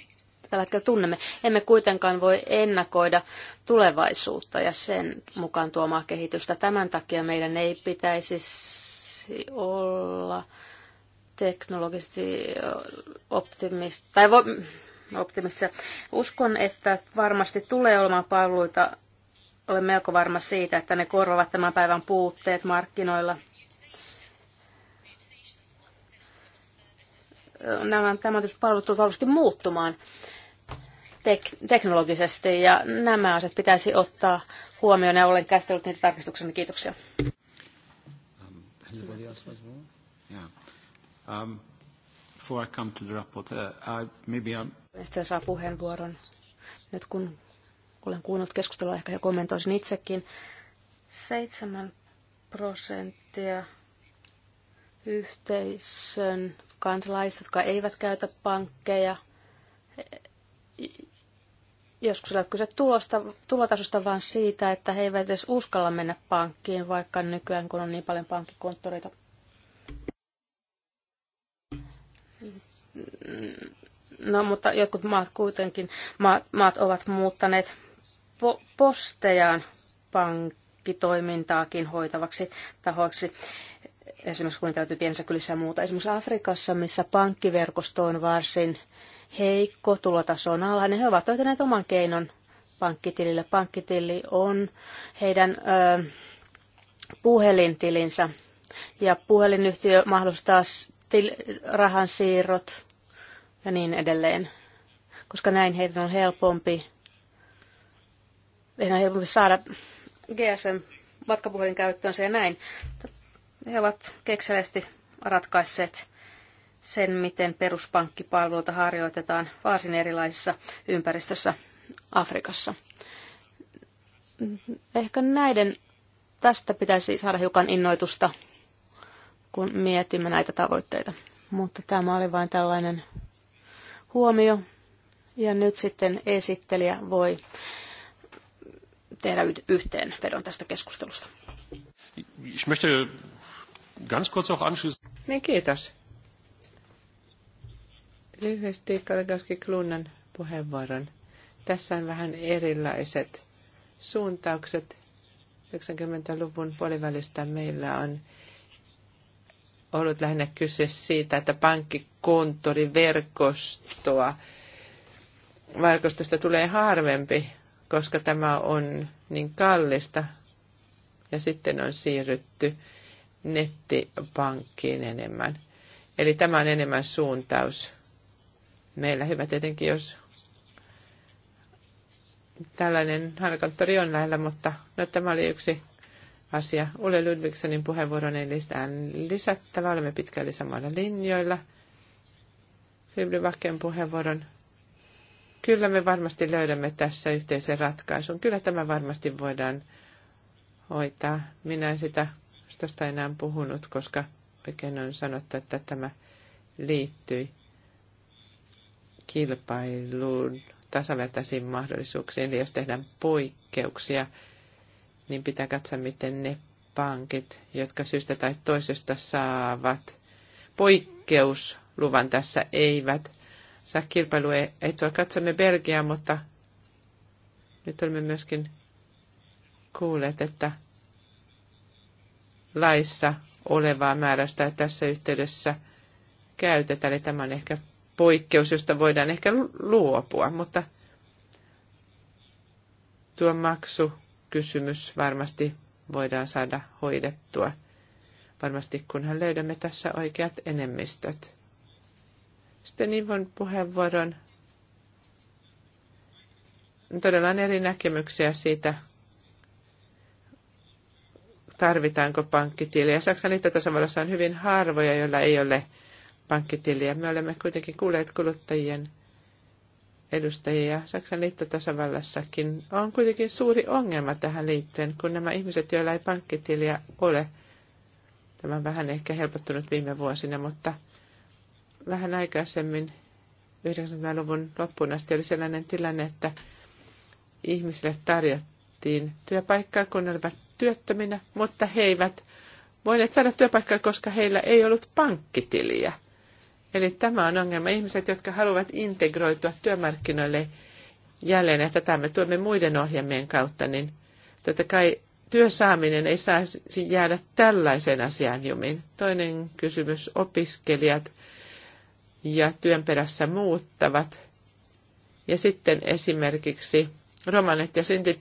tällä hetkellä tunnemme. Emme kuitenkaan voi ennakoida tulevaisuutta ja sen mukaan tuomaa kehitystä. Tämän takia meidän ei pitäisi olla teknologisesti optimist, tai vo, optimissa. Uskon, että varmasti tulee olemaan palveluita. Olen melko varma siitä, että ne korvaavat tämän päivän puutteet markkinoilla. Nämä, tämä palvelut tulee varmasti muuttumaan tek- teknologisesti ja nämä asiat pitäisi ottaa huomioon ja olen käsitellyt niitä tarkistuksen. Niin kiitoksia. Um, Um, before I come to the rapporteur, I, maybe I'm... Sitten saa puheenvuoron. Nyt kun olen kuunnellut keskustelua, ehkä jo kommentoisin itsekin. 7 prosenttia yhteisön kansalaiset, jotka eivät käytä pankkeja, joskus ei ole kyse tulosta, tulotasosta, vaan siitä, että he eivät edes uskalla mennä pankkiin, vaikka nykyään kun on niin paljon pankkikonttoreita Mm, no, mutta jotkut maat kuitenkin, maat, maat ovat muuttaneet po- postejaan pankkitoimintaakin hoitavaksi tahoiksi. Esimerkiksi kun täytyy pienessä kylissä ja muuta. Esimerkiksi Afrikassa, missä pankkiverkosto on varsin heikko, tulotaso on alhainen, he ovat löytäneet oman keinon pankkitilille. Pankkitili on heidän ö, puhelintilinsä ja puhelinyhtiö mahdollistaa rahansiirrot ja niin edelleen, koska näin heidän on helpompi, heidän on helpompi saada GSM matkapuhelin käyttöönsä ja näin. He ovat kekseleesti ratkaisseet sen, miten peruspankkipalveluita harjoitetaan varsin erilaisissa ympäristössä Afrikassa. Ehkä näiden tästä pitäisi saada hiukan innoitusta kun mietimme näitä tavoitteita. Mutta tämä oli vain tällainen huomio. Ja nyt sitten esittelijä voi tehdä yhteenvedon tästä keskustelusta. Ich möchte ganz kurz auch anschließen. Niin, kiitos. Lyhyesti Kalkaski Klunnan puheenvuoron. Tässä on vähän erilaiset suuntaukset. 90-luvun puolivälistä meillä on ollut lähinnä kyse siitä, että pankkikonttoriverkostoa verkostosta tulee harvempi, koska tämä on niin kallista. Ja sitten on siirrytty nettipankkiin enemmän. Eli tämä on enemmän suuntaus. Meillä hyvä tietenkin, jos tällainen harkanttori on lähellä, mutta no, tämä oli yksi asia. Ole Ludvigsonin puheenvuoron ei listään lisättävä. Olemme pitkälti samalla linjoilla. Riblyvakken puheenvuoron. Kyllä me varmasti löydämme tässä yhteisen ratkaisun. Kyllä tämä varmasti voidaan hoitaa. Minä en sitä tästä enää puhunut, koska oikein on sanottu, että tämä liittyi kilpailuun tasavertaisiin mahdollisuuksiin. Eli jos tehdään poikkeuksia, niin pitää katsoa, miten ne pankit, jotka syystä tai toisesta saavat poikkeusluvan tässä, eivät saa kilpailuetua. Katsomme Belgiaa, mutta nyt olemme myöskin kuulleet, että laissa olevaa määrästä tässä yhteydessä käytetään. Eli tämä on ehkä poikkeus, josta voidaan ehkä luopua, mutta tuo maksu kysymys varmasti voidaan saada hoidettua, varmasti kunhan löydämme tässä oikeat enemmistöt. Sitten Ivon puheenvuoron. Todella on eri näkemyksiä siitä, tarvitaanko pankkitiliä. Saksan liittotasavallassa on hyvin harvoja, joilla ei ole pankkitiliä. Me olemme kuitenkin kuulleet kuluttajien edustajia Saksan liittotasavallassakin, on kuitenkin suuri ongelma tähän liittyen, kun nämä ihmiset, joilla ei pankkitiliä ole, tämä on vähän ehkä helpottunut viime vuosina, mutta vähän aikaisemmin 90-luvun loppuun asti oli sellainen tilanne, että ihmisille tarjottiin työpaikkaa, kun ne olivat työttöminä, mutta he eivät voineet saada työpaikkaa, koska heillä ei ollut pankkitiliä. Eli tämä on ongelma. Ihmiset, jotka haluavat integroitua työmarkkinoille jälleen, että tämä me tuemme muiden ohjelmien kautta, niin totta kai työsaaminen ei saisi jäädä tällaiseen asiaan jumiin. Toinen kysymys, opiskelijat ja työn perässä muuttavat. Ja sitten esimerkiksi romanit ja sintit,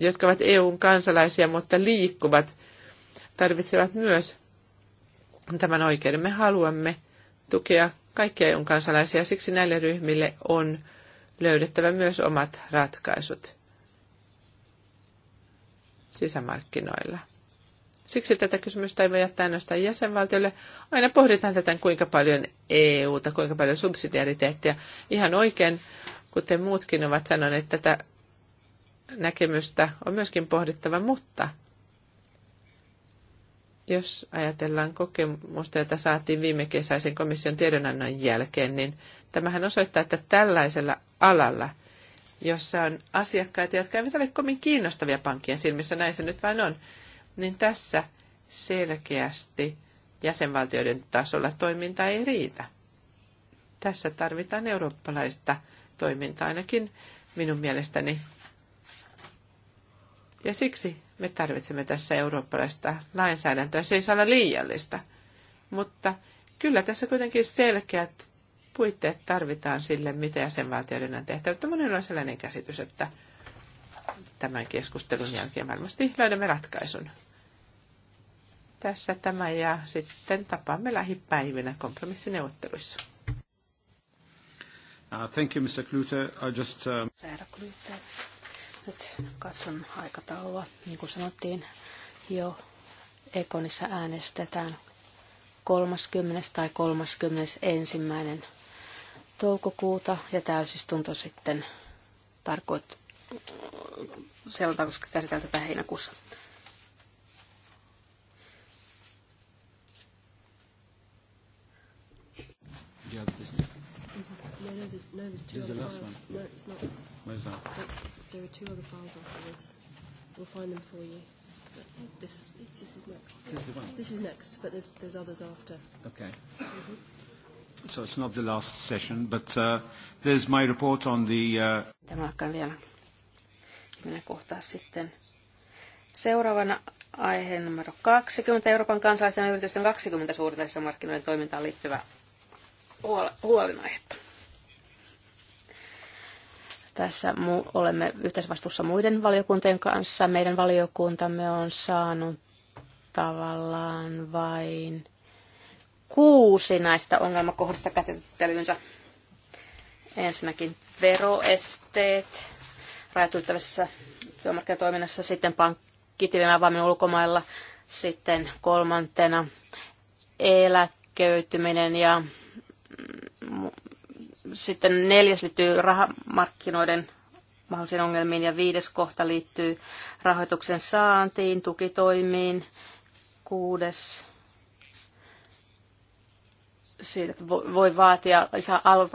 jotka ovat EUn kansalaisia, mutta liikkuvat, tarvitsevat myös tämän oikeuden. Me haluamme tukea kaikkia EUn kansalaisia, siksi näille ryhmille on löydettävä myös omat ratkaisut sisämarkkinoilla. Siksi tätä kysymystä ei voi jättää ainoastaan jäsenvaltiolle. Aina pohditaan tätä, kuinka paljon EUta, kuinka paljon subsidiariteettia. Ihan oikein, kuten muutkin ovat sanoneet, tätä näkemystä on myöskin pohdittava, mutta – jos ajatellaan kokemusta, jota saatiin viime kesäisen komission tiedonannon jälkeen, niin tämähän osoittaa, että tällaisella alalla, jossa on asiakkaita, jotka eivät ole kovin kiinnostavia pankkien silmissä, näin se nyt vain on, niin tässä selkeästi jäsenvaltioiden tasolla toiminta ei riitä. Tässä tarvitaan eurooppalaista toimintaa ainakin minun mielestäni ja siksi me tarvitsemme tässä eurooppalaista lainsäädäntöä. Se ei saa olla liiallista, mutta kyllä tässä kuitenkin selkeät puitteet tarvitaan sille, mitä jäsenvaltioiden on tehtävä. Mutta minulla on sellainen käsitys, että tämän keskustelun jälkeen varmasti löydämme ratkaisun. Tässä tämä ja sitten tapaamme lähipäivinä kompromissineuvotteluissa. Uh, thank you, Mr. Klute. I just, um... Nyt katson aikataulua. Niin kuin sanottiin, jo Ekonissa äänestetään 30. tai 31. toukokuuta ja täysistunto sitten tarkoit, se koska käsitellään tätä heinäkuussa. Yeah, this, no, no, there's, no, this, two there's the last one. No, it's not. Where's that? there are two other files after this. We'll find them for you. This, this is next. This is the one. This is next, but there's, there's others after. Okay. Mm-hmm. So it's not the last session, but uh, there's my report on the... Uh... Tämä alkaa vielä. Minä kohtaa sitten. Seuraavana aihe numero 20. Euroopan kansalaisten ja yritysten 20 suurta markkinoiden toimintaan liittyvä huol- huolenaihetta. Tässä olemme yhteisvastuussa muiden valiokuntien kanssa. Meidän valiokuntamme on saanut tavallaan vain kuusi näistä ongelmakohdista käsittelyynsä. Ensinnäkin veroesteet rajatuittavassa työmarkkinatoiminnassa, sitten pankkitilin avaaminen ulkomailla, sitten kolmantena eläkkeytyminen ja sitten neljäs liittyy rahamarkkinoiden mahdollisiin ongelmiin ja viides kohta liittyy rahoituksen saantiin, tukitoimiin. Kuudes siitä voi vaatia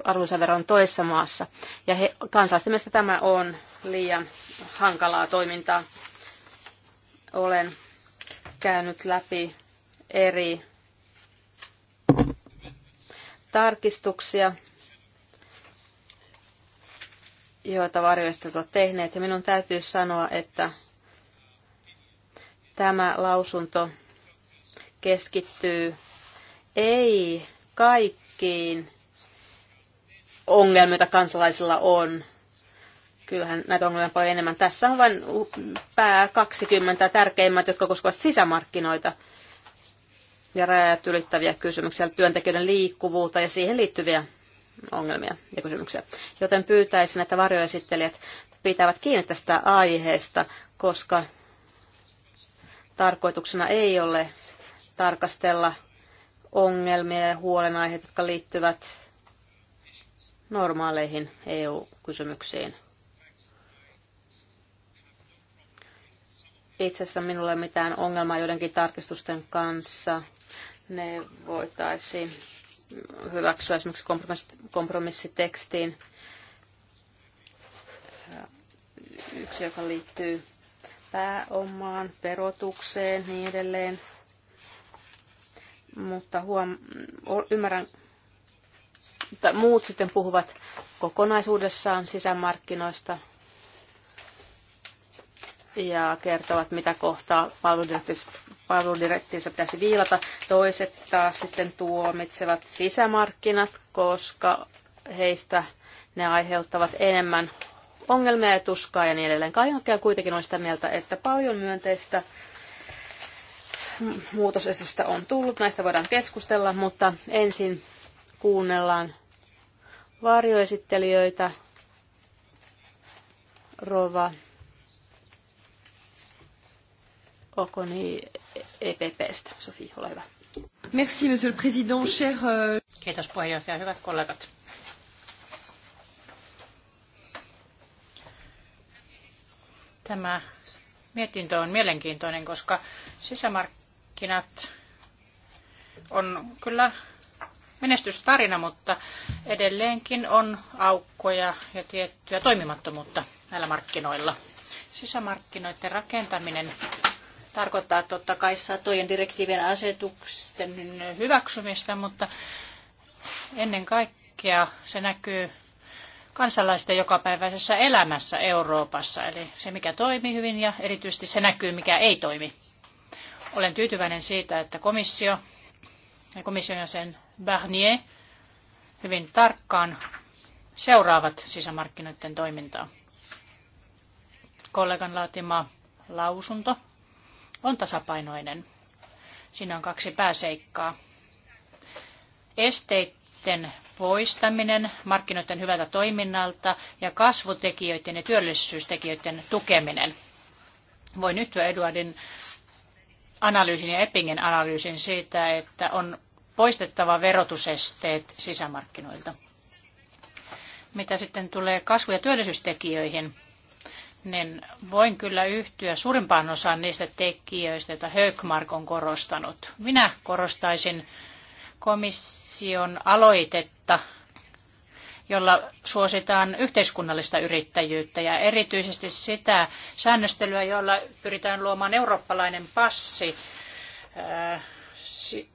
arvonlisäveron toisessa maassa. Ja he, kansalaisten mielestä tämä on liian hankalaa toimintaa. Olen käynyt läpi eri tarkistuksia joita varjoistot ovat tehneet. Ja minun täytyy sanoa, että tämä lausunto keskittyy ei kaikkiin ongelmia, joita kansalaisilla on. Kyllähän näitä ongelmia on paljon enemmän. Tässä on vain pää 20 tärkeimmät, jotka koskevat sisämarkkinoita ja rajat ylittäviä kysymyksiä, työntekijöiden liikkuvuutta ja siihen liittyviä ongelmia ja kysymyksiä. Joten pyytäisin, että varjoesittelijät pitävät kiinni tästä aiheesta, koska tarkoituksena ei ole tarkastella ongelmia ja huolenaiheita, jotka liittyvät normaaleihin EU-kysymyksiin. Itse asiassa minulla ei ole mitään ongelmaa joidenkin tarkistusten kanssa. Ne voitaisiin hyväksyä esimerkiksi kompromissitekstiin yksi, joka liittyy pääomaan, verotukseen niin edelleen. Mutta huom- ymmärrän, että muut sitten puhuvat kokonaisuudessaan sisämarkkinoista – ja kertovat, mitä kohtaa palveludirektiivissä pitäisi viilata. Toiset taas sitten tuomitsevat sisämarkkinat, koska heistä ne aiheuttavat enemmän ongelmia ja tuskaa ja niin edelleen. Kaiken kuitenkin on sitä mieltä, että paljon myönteistä muutosesitystä on tullut. Näistä voidaan keskustella, mutta ensin kuunnellaan varjoesittelijöitä. Rova Okoni EPPstä. Sofi, ole hyvä. Merci, monsieur le président. Cher... Euh, Kiitos puheenjohtaja. Hyvät kollegat. Tämä mietintö on mielenkiintoinen, koska sisämarkkinat on kyllä menestystarina, mutta edelleenkin on aukkoja ja tiettyä toimimattomuutta näillä markkinoilla. Sisämarkkinoiden rakentaminen tarkoittaa totta kai satojen direktiivien asetusten hyväksymistä, mutta ennen kaikkea se näkyy kansalaisten jokapäiväisessä elämässä Euroopassa. Eli se, mikä toimii hyvin ja erityisesti se näkyy, mikä ei toimi. Olen tyytyväinen siitä, että komissio ja komission jäsen Barnier hyvin tarkkaan seuraavat sisämarkkinoiden toimintaa. Kollegan laatima lausunto on tasapainoinen. Siinä on kaksi pääseikkaa. Esteiden poistaminen markkinoiden hyvältä toiminnalta ja kasvutekijöiden ja työllisyystekijöiden tukeminen. Voin tuo Eduardin analyysin ja Eppingen analyysin siitä, että on poistettava verotusesteet sisämarkkinoilta. Mitä sitten tulee kasvu- ja työllisyystekijöihin, niin voin kyllä yhtyä suurimpaan osaan niistä tekijöistä, joita Högmark on korostanut. Minä korostaisin komission aloitetta, jolla suositaan yhteiskunnallista yrittäjyyttä ja erityisesti sitä säännöstelyä, jolla pyritään luomaan eurooppalainen passi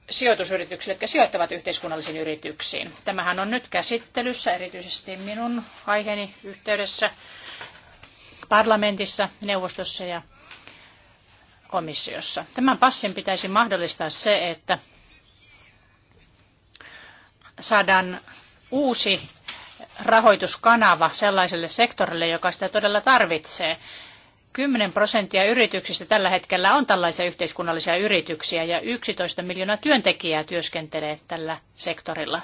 sijoitusyrityksille, jotka sijoittavat yhteiskunnallisiin yrityksiin. Tämähän on nyt käsittelyssä, erityisesti minun aiheeni yhteydessä parlamentissa, neuvostossa ja komissiossa. Tämän passin pitäisi mahdollistaa se, että saadaan uusi rahoituskanava sellaiselle sektorille, joka sitä todella tarvitsee. 10 prosenttia yrityksistä tällä hetkellä on tällaisia yhteiskunnallisia yrityksiä ja 11 miljoonaa työntekijää työskentelee tällä sektorilla.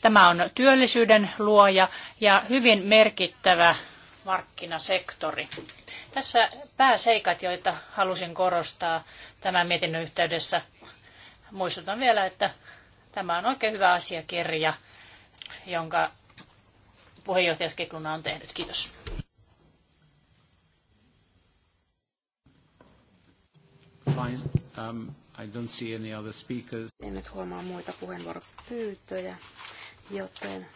Tämä on työllisyyden luoja ja hyvin merkittävä markkinasektori. Tässä pääseikat, joita halusin korostaa tämän mietinnön yhteydessä. Muistutan vielä, että tämä on oikein hyvä asiakirja, jonka puheenjohtajaskekluna on tehnyt. Kiitos. Um, I don't see any other speakers. En nyt huomaa muita puheenvuoropyyntöjä, joten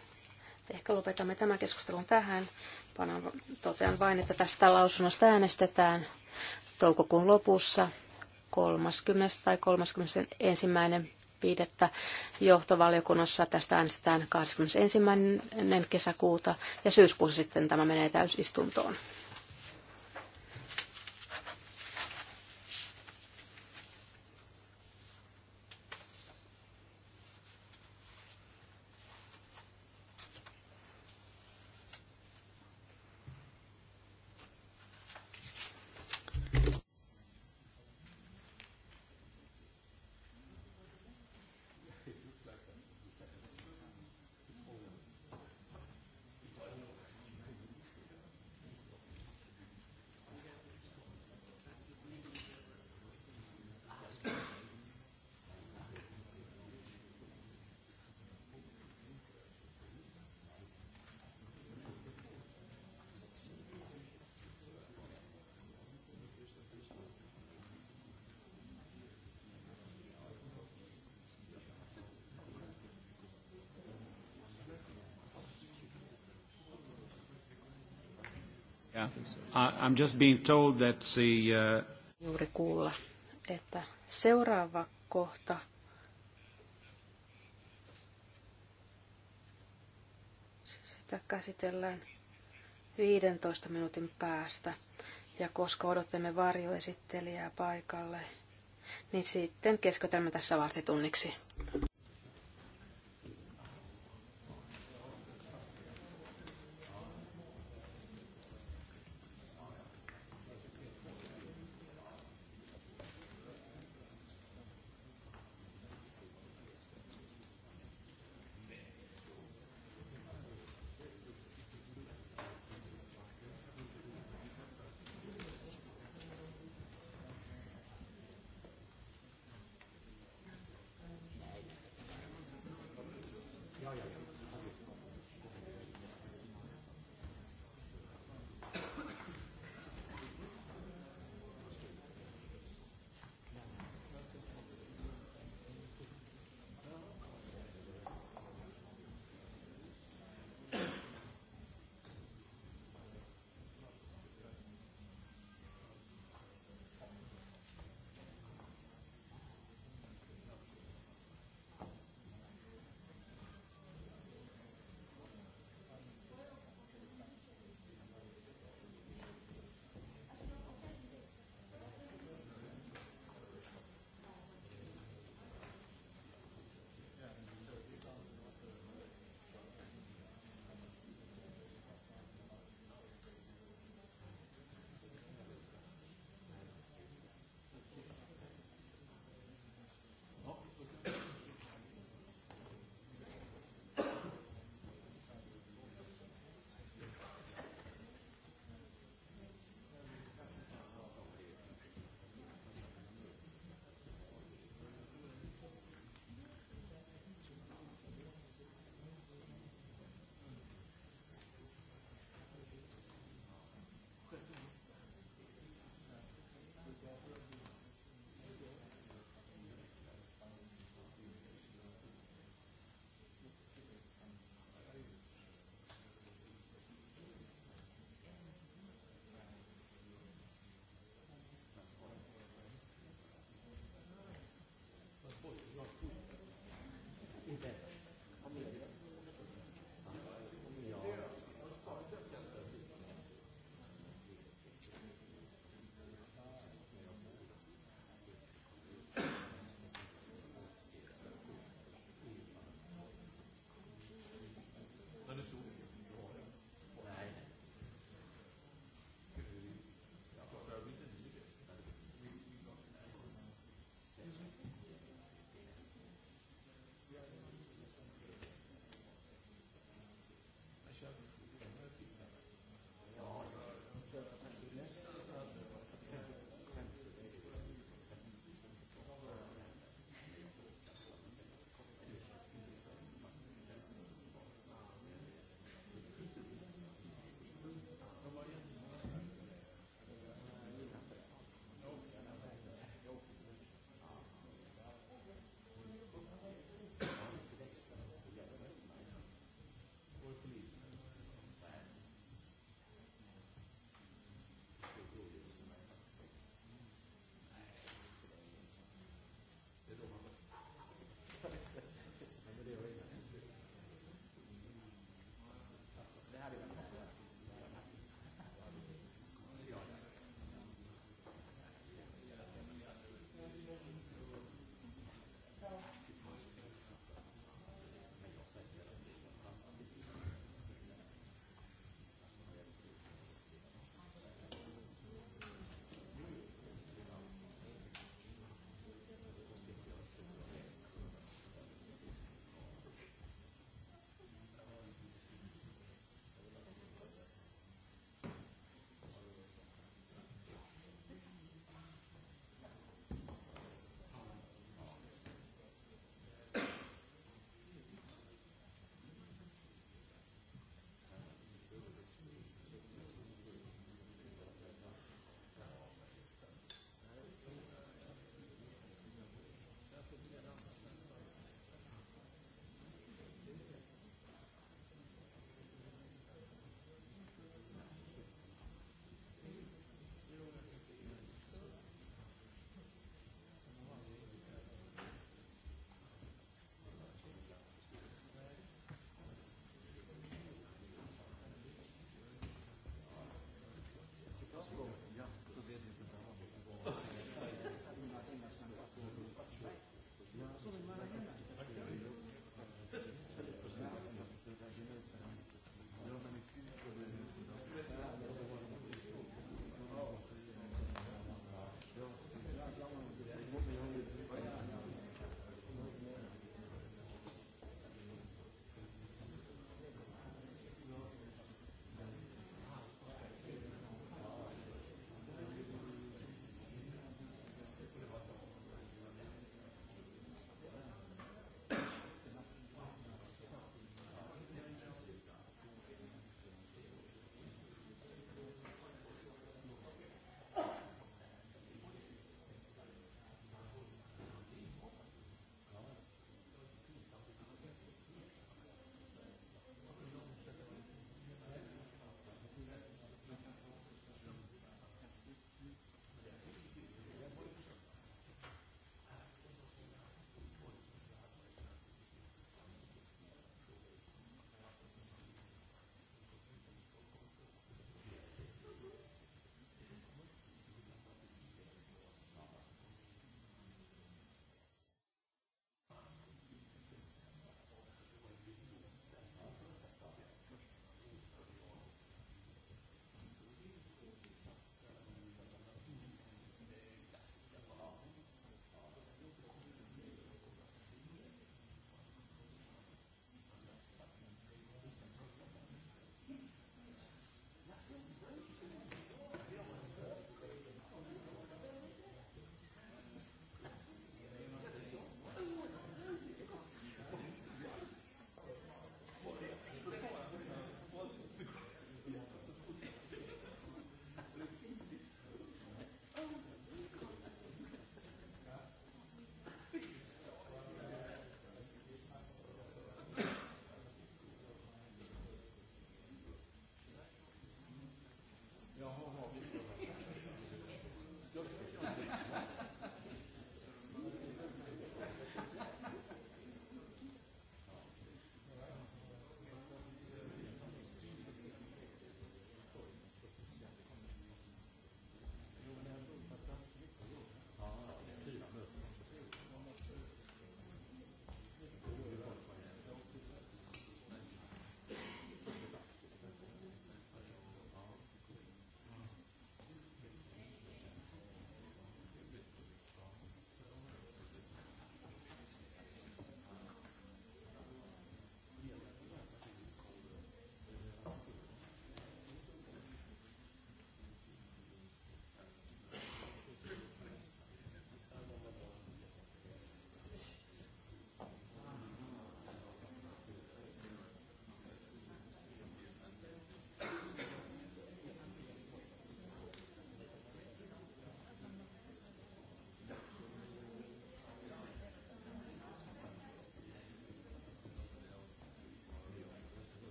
ehkä lopetamme tämän keskustelun tähän kokoonpanoon. Totean vain, että tästä lausunnosta äänestetään toukokuun lopussa 30. tai 31. viidettä johtovaliokunnassa. Tästä äänestetään 21. kesäkuuta ja syyskuussa sitten tämä menee täysistuntoon. I'm just being told that the, uh... Juuri kuulla, että seuraava kohta sitä käsitellään 15 minuutin päästä. Ja koska odotamme varjoesittelijää paikalle, niin sitten keskitymme tässä vartitunniksi.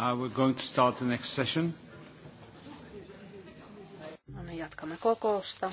Uh, we're going to start the next session. No niin, jatkamme kokousta.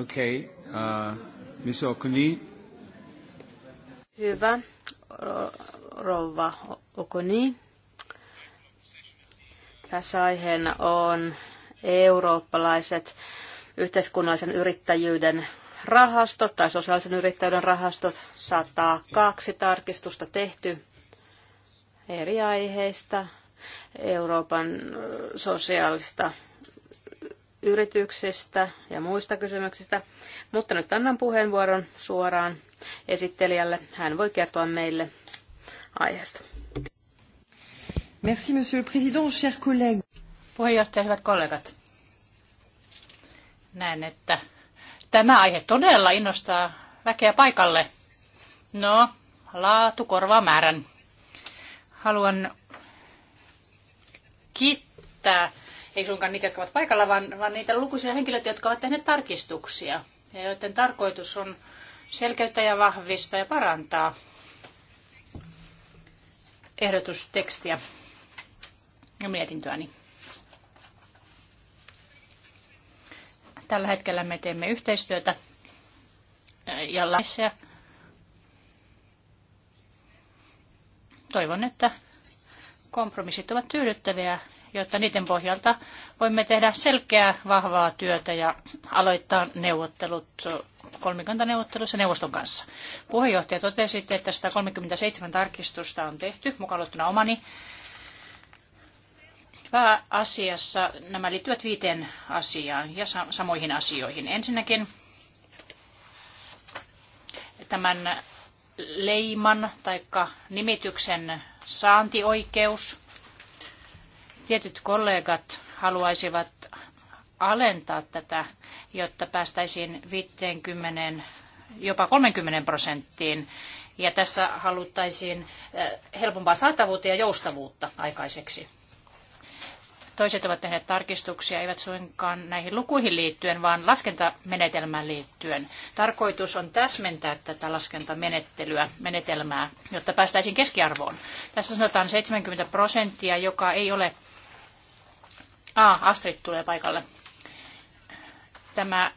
Okay, uh, Miss Okuni. Hyvä, rouva Okuni. Tässä aiheena on eurooppalaiset yhteiskunnallisen yrittäjyyden rahastot tai sosiaalisen yrittäjyyden rahastot. 102 tarkistusta tehty eri aiheista Euroopan sosiaalista yrityksistä ja muista kysymyksistä, mutta nyt annan puheenvuoron suoraan esittelijälle. Hän voi kertoa meille aiheesta. Merci, monsieur le président, chers collègues. Puheenjohtaja, hyvät kollegat. Näen, että tämä aihe todella innostaa väkeä paikalle. No, laatu korvaa määrän. Haluan kiittää ei suinkaan niitä, jotka ovat paikalla, vaan, vaan niitä lukuisia henkilöitä, jotka ovat tehneet tarkistuksia ja joiden tarkoitus on selkeyttää ja vahvistaa ja parantaa ehdotustekstiä ja mietintöäni. Tällä hetkellä me teemme yhteistyötä ja laissa. Toivon, että kompromissit ovat tyydyttäviä, jotta niiden pohjalta voimme tehdä selkeää, vahvaa työtä ja aloittaa neuvottelut kolmikantaneuvottelussa neuvoston kanssa. Puheenjohtaja totesi, että 137 tarkistusta on tehty, mukaan omani. Pääasiassa nämä liittyvät viiteen asiaan ja samoihin asioihin. Ensinnäkin tämän leiman tai nimityksen saantioikeus. Tietyt kollegat haluaisivat alentaa tätä, jotta päästäisiin 50, jopa 30 prosenttiin. Ja tässä haluttaisiin eh, helpompaa saatavuutta ja joustavuutta aikaiseksi. Toiset ovat tehneet tarkistuksia, eivät suinkaan näihin lukuihin liittyen, vaan laskentamenetelmään liittyen. Tarkoitus on täsmentää tätä laskentamenettelyä, menetelmää, jotta päästäisiin keskiarvoon. Tässä sanotaan 70 prosenttia, joka ei ole... A, ah, Astrid tulee paikalle. Tämä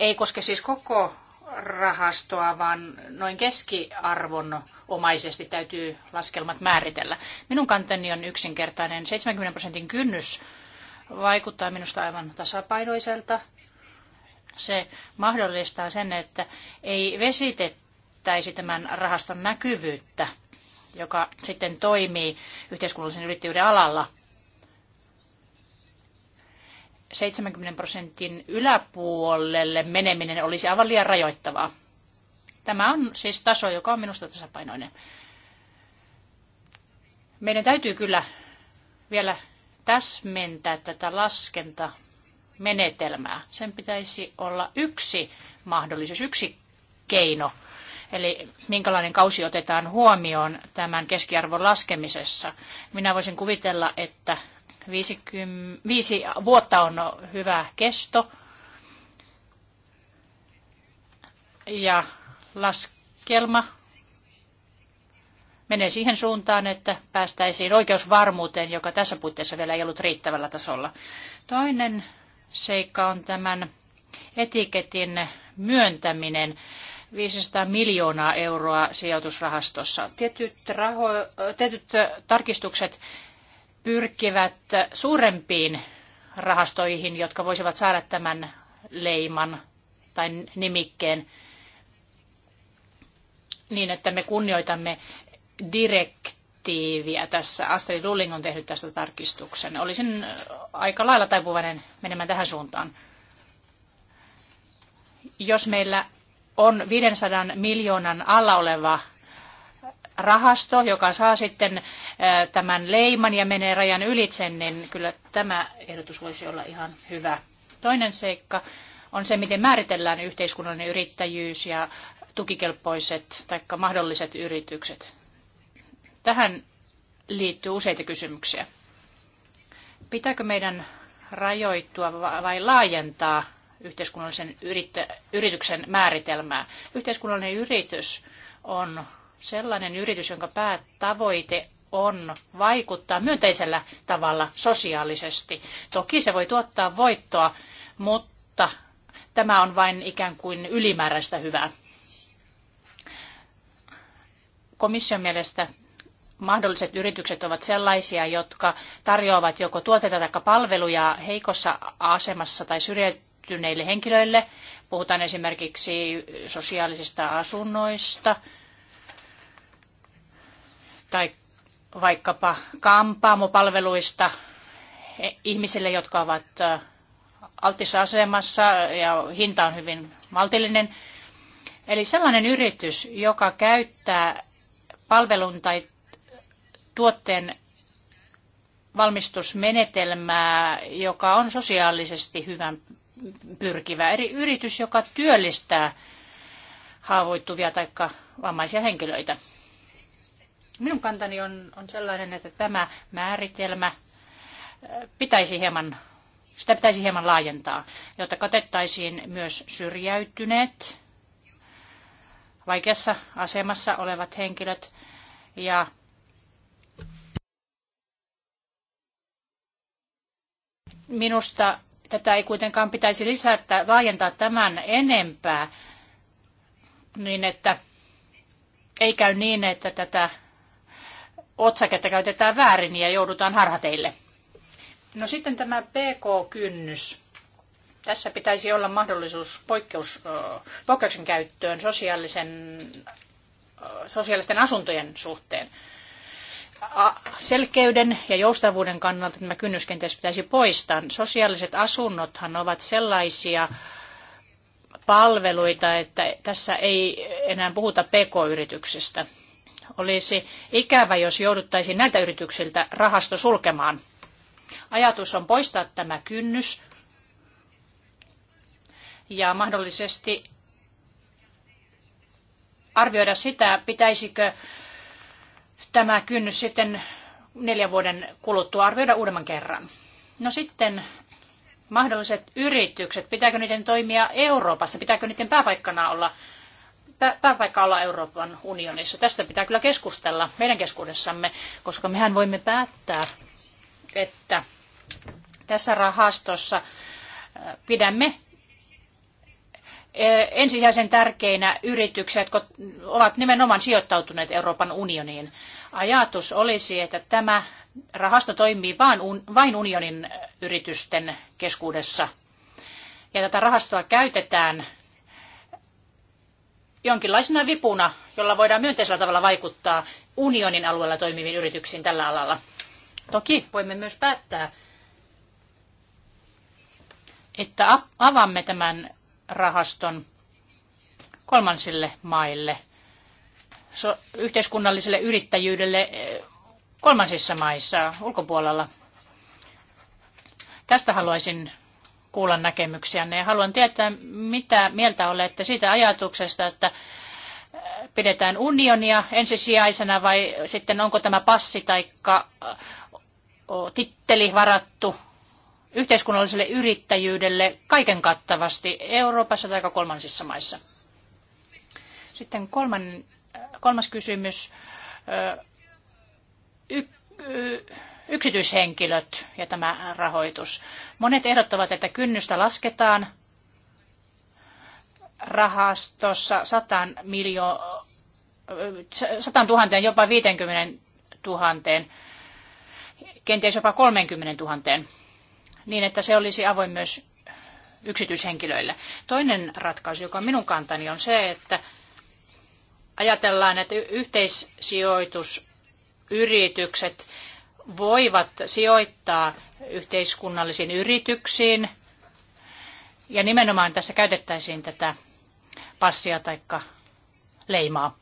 ei koske siis koko rahastoa, vaan noin keskiarvon omaisesti täytyy laskelmat määritellä. Minun kantani on yksinkertainen. 70 prosentin kynnys vaikuttaa minusta aivan tasapainoiselta. Se mahdollistaa sen, että ei vesitettäisi tämän rahaston näkyvyyttä, joka sitten toimii yhteiskunnallisen yrittäjyyden alalla – 70 prosentin yläpuolelle meneminen olisi aivan liian rajoittavaa. Tämä on siis taso, joka on minusta tasapainoinen. Meidän täytyy kyllä vielä täsmentää tätä laskentamenetelmää. Sen pitäisi olla yksi mahdollisuus, yksi keino. Eli minkälainen kausi otetaan huomioon tämän keskiarvon laskemisessa. Minä voisin kuvitella, että 50, viisi vuotta on hyvä kesto. Ja laskelma menee siihen suuntaan, että päästäisiin oikeusvarmuuteen, joka tässä puitteissa vielä ei ollut riittävällä tasolla. Toinen seikka on tämän etiketin myöntäminen. 500 miljoonaa euroa sijoitusrahastossa. Tietyt, raho, tietyt tarkistukset pyrkivät suurempiin rahastoihin, jotka voisivat saada tämän leiman tai nimikkeen niin, että me kunnioitamme direktiiviä tässä. Astrid Lulling on tehnyt tästä tarkistuksen. Olisin aika lailla taipuvainen menemään tähän suuntaan. Jos meillä on 500 miljoonan alla oleva rahasto, joka saa sitten tämän leiman ja menee rajan ylitse, niin kyllä tämä ehdotus voisi olla ihan hyvä. Toinen seikka on se, miten määritellään yhteiskunnallinen yrittäjyys ja tukikelpoiset tai mahdolliset yritykset. Tähän liittyy useita kysymyksiä. Pitääkö meidän rajoittua vai laajentaa yhteiskunnallisen yrittä, yrityksen määritelmää? Yhteiskunnallinen yritys on sellainen yritys, jonka päätavoite on vaikuttaa myönteisellä tavalla sosiaalisesti. Toki se voi tuottaa voittoa, mutta tämä on vain ikään kuin ylimääräistä hyvää. Komission mielestä mahdolliset yritykset ovat sellaisia, jotka tarjoavat joko tuotteita tai palveluja heikossa asemassa tai syrjäytyneille henkilöille. Puhutaan esimerkiksi sosiaalisista asunnoista tai vaikkapa kampaamopalveluista e, ihmisille, jotka ovat altissa asemassa ja hinta on hyvin maltillinen. Eli sellainen yritys, joka käyttää palvelun tai tuotteen valmistusmenetelmää, joka on sosiaalisesti hyvän pyrkivä. Eri yritys, joka työllistää haavoittuvia tai vammaisia henkilöitä. Minun kantani on, on sellainen, että tämä määritelmä pitäisi hieman, sitä pitäisi hieman laajentaa, jotta katettaisiin myös syrjäytyneet, vaikeassa asemassa olevat henkilöt ja minusta tätä ei kuitenkaan pitäisi lisätä, laajentaa tämän enempää, niin että ei käy niin, että tätä otsaketta käytetään väärin ja joudutaan harhateille. No sitten tämä PK-kynnys. Tässä pitäisi olla mahdollisuus poikkeus, poikkeuksen käyttöön sosiaalisen, sosiaalisten asuntojen suhteen. Selkeyden ja joustavuuden kannalta tämä kynnys pitäisi poistaa. Sosiaaliset asunnothan ovat sellaisia palveluita, että tässä ei enää puhuta pk-yrityksestä olisi ikävä, jos jouduttaisiin näiltä yrityksiltä rahasto sulkemaan. Ajatus on poistaa tämä kynnys ja mahdollisesti arvioida sitä, pitäisikö tämä kynnys sitten neljän vuoden kuluttua arvioida uudemman kerran. No sitten mahdolliset yritykset, pitääkö niiden toimia Euroopassa, pitääkö niiden pääpaikkana olla pääpaikka olla Euroopan unionissa. Tästä pitää kyllä keskustella meidän keskuudessamme, koska mehän voimme päättää, että tässä rahastossa äh, pidämme äh, ensisijaisen tärkeinä yrityksiä, jotka ovat nimenomaan sijoittautuneet Euroopan unioniin. Ajatus olisi, että tämä rahasto toimii vain unionin yritysten keskuudessa. Ja tätä rahastoa käytetään jonkinlaisena vipuna, jolla voidaan myönteisellä tavalla vaikuttaa unionin alueella toimiviin yrityksiin tällä alalla. Toki voimme myös päättää, että avaamme tämän rahaston kolmansille maille, so, yhteiskunnalliselle yrittäjyydelle eh, kolmansissa maissa ulkopuolella. Tästä haluaisin kuulla näkemyksiänne ja haluan tietää, mitä mieltä olette siitä ajatuksesta, että äh, pidetään unionia ensisijaisena vai sitten onko tämä passi tai äh, titteli varattu yhteiskunnalliselle yrittäjyydelle kaiken kattavasti Euroopassa tai kolmansissa maissa? Sitten kolman, kolmas kysymys. Äh, y- yksityishenkilöt ja tämä rahoitus. Monet ehdottavat, että kynnystä lasketaan rahastossa 100 miljoonaa 100 000, jopa 50 000, kenties jopa 30 000, niin että se olisi avoin myös yksityishenkilöille. Toinen ratkaisu, joka on minun kantani, on se, että ajatellaan, että yhteissijoitusyritykset voivat sijoittaa yhteiskunnallisiin yrityksiin. Ja nimenomaan tässä käytettäisiin tätä passia tai leimaa.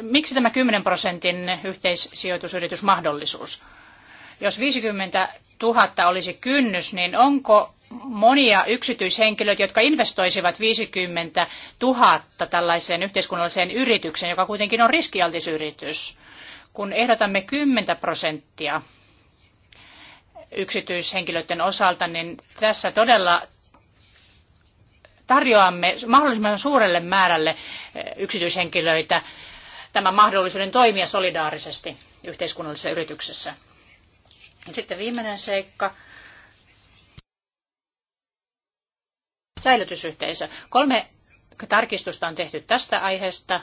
Miksi tämä 10 prosentin yhteissijoitusyritysmahdollisuus? Jos 50 000 olisi kynnys, niin onko monia yksityishenkilöitä, jotka investoisivat 50 000 tällaiseen yhteiskunnalliseen yritykseen, joka kuitenkin on riskialtis yritys. Kun ehdotamme 10 prosenttia yksityishenkilöiden osalta, niin tässä todella tarjoamme mahdollisimman suurelle määrälle eh, yksityishenkilöitä tämän mahdollisuuden toimia solidaarisesti yhteiskunnallisessa yrityksessä. Sitten viimeinen seikka säilytysyhteisö. Kolme tarkistusta on tehty tästä aiheesta.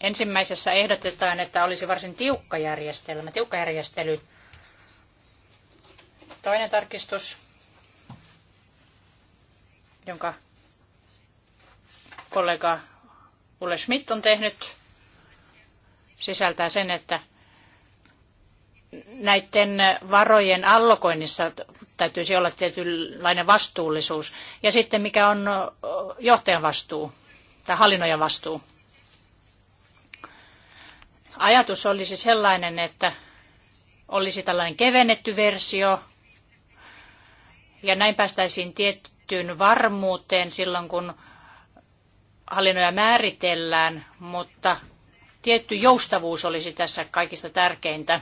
Ensimmäisessä ehdotetaan, että olisi varsin tiukka järjestelmä, tiukka järjestely. Toinen tarkistus, jonka kollega Ulle Schmidt on tehnyt, sisältää sen, että näiden varojen allokoinnissa täytyisi olla tietynlainen vastuullisuus. Ja sitten mikä on johtajan vastuu tai hallinnojan vastuu. Ajatus olisi sellainen, että olisi tällainen kevennetty versio ja näin päästäisiin tiettyyn varmuuteen silloin, kun hallinnoja määritellään, mutta tietty joustavuus olisi tässä kaikista tärkeintä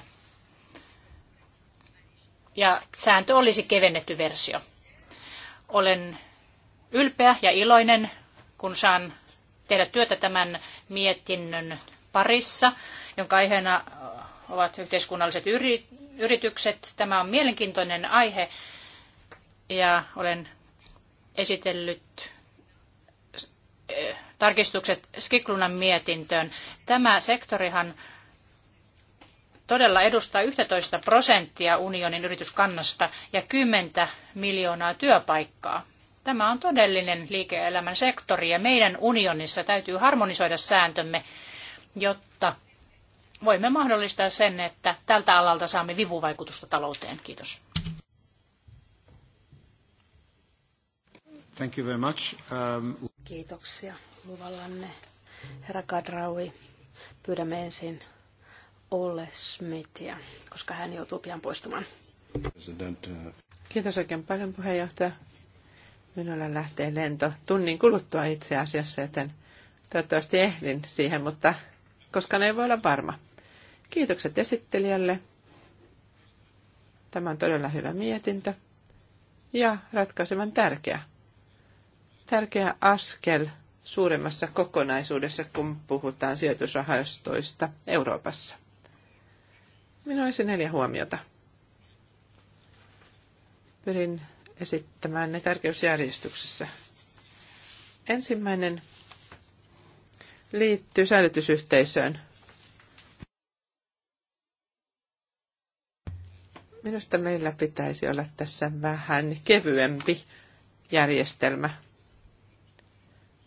ja sääntö olisi kevennetty versio. Olen ylpeä ja iloinen, kun saan tehdä työtä tämän mietinnön parissa, jonka aiheena ovat yhteiskunnalliset yri- yritykset. Tämä on mielenkiintoinen aihe ja olen esitellyt eh, tarkistukset Skiklunan mietintöön. Tämä sektorihan todella edustaa 11 prosenttia unionin yrityskannasta ja 10 miljoonaa työpaikkaa. Tämä on todellinen liike-elämän sektori ja meidän unionissa täytyy harmonisoida sääntömme, jotta voimme mahdollistaa sen, että tältä alalta saamme vivuvaikutusta talouteen. Kiitos. Thank you very much. Um... Kiitoksia luvallanne. Herra Kadraui, pyydämme ensin ole Smithia, koska hän joutuu pian poistumaan. Uh, Kiitos oikein paljon puheenjohtaja. Minulla lähtee lento tunnin kuluttua itse asiassa, joten toivottavasti ehdin siihen, mutta koska ne ei voi olla varma. Kiitokset esittelijälle. Tämä on todella hyvä mietintö ja ratkaisevan tärkeä. Tärkeä askel suuremmassa kokonaisuudessa, kun puhutaan sijoitusrahastoista Euroopassa. Minä olisin neljä huomiota. Pyrin esittämään ne tärkeysjärjestyksessä. Ensimmäinen liittyy säilytysyhteisöön. Minusta meillä pitäisi olla tässä vähän kevyempi järjestelmä.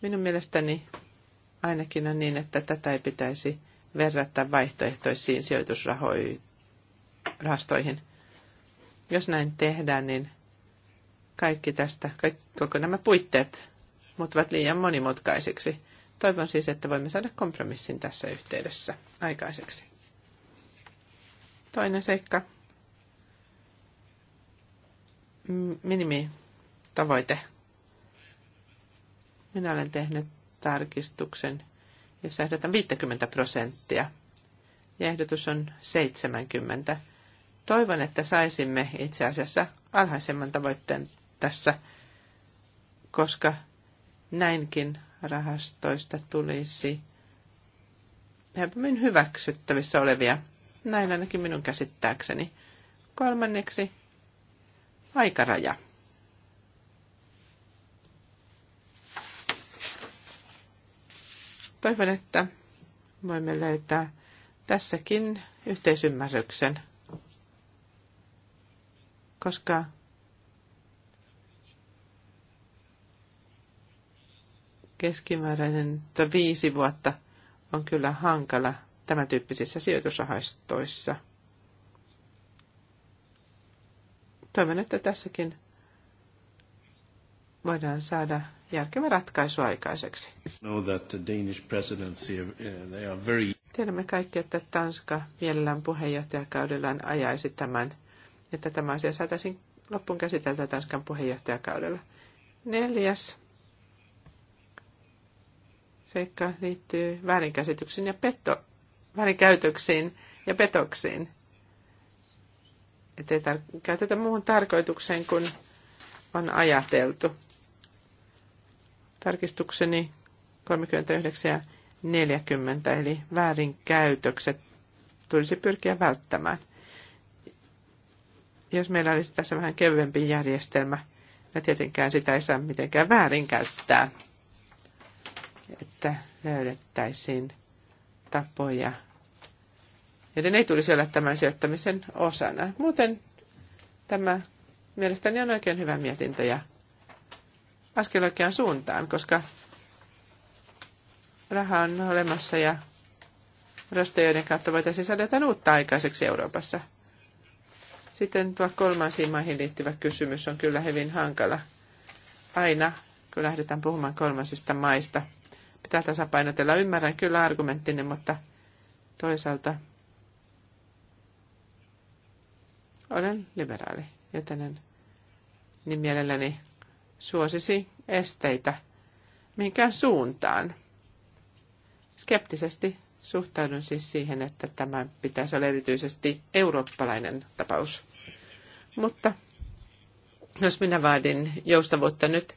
Minun mielestäni ainakin on niin, että tätä ei pitäisi verrata vaihtoehtoisiin sijoitusrahoihin rahastoihin. Jos näin tehdään, niin kaikki tästä, kaikki, koko nämä puitteet muuttuvat liian monimutkaisiksi. Toivon siis, että voimme saada kompromissin tässä yhteydessä aikaiseksi. Toinen seikka. Minimitavoite. Minä olen tehnyt tarkistuksen, jossa ehdotan 50 prosenttia. Ja ehdotus on 70. Toivon, että saisimme itse asiassa alhaisemman tavoitteen tässä, koska näinkin rahastoista tulisi helpommin hyväksyttävissä olevia. Näin ainakin minun käsittääkseni. Kolmanneksi aikaraja. Toivon, että voimme löytää tässäkin yhteisymmärryksen koska keskimääräinen tai viisi vuotta on kyllä hankala tämän tyyppisissä sijoitusrahastoissa. Toivon, että tässäkin voidaan saada järkevä ratkaisu aikaiseksi. Uh, Tiedämme kaikki, että Tanska mielellään puheenjohtajakaudellaan ajaisi tämän että tämä asia saataisiin loppuun käsiteltyä Tanskan puheenjohtajakaudella. Neljäs seikka liittyy väärinkäsityksiin ja petto, väärinkäytöksiin ja petoksiin. Että ei tar- käytetä muuhun tarkoitukseen kuin on ajateltu. Tarkistukseni 39 ja 40, eli väärinkäytökset tulisi pyrkiä välttämään. Jos meillä olisi tässä vähän kevyempi järjestelmä, ja tietenkään sitä ei saa mitenkään väärinkäyttää, että löydettäisiin tapoja, joiden ei tulisi olla tämän sijoittamisen osana. Muuten tämä mielestäni on oikein hyvä mietintö ja askel oikeaan suuntaan, koska raha on olemassa ja rasteiden kautta voitaisiin saada jotain uutta aikaiseksi Euroopassa. Sitten tuo kolmansiin maihin liittyvä kysymys on kyllä hyvin hankala. Aina, kun lähdetään puhumaan kolmansista maista, pitää tasapainotella. Ymmärrän kyllä argumenttinen, mutta toisaalta olen liberaali, joten en niin mielelläni suosisi esteitä mihinkään suuntaan. Skeptisesti Suhtaudun siis siihen, että tämä pitäisi olla erityisesti eurooppalainen tapaus. Mutta jos minä vaadin joustavuutta nyt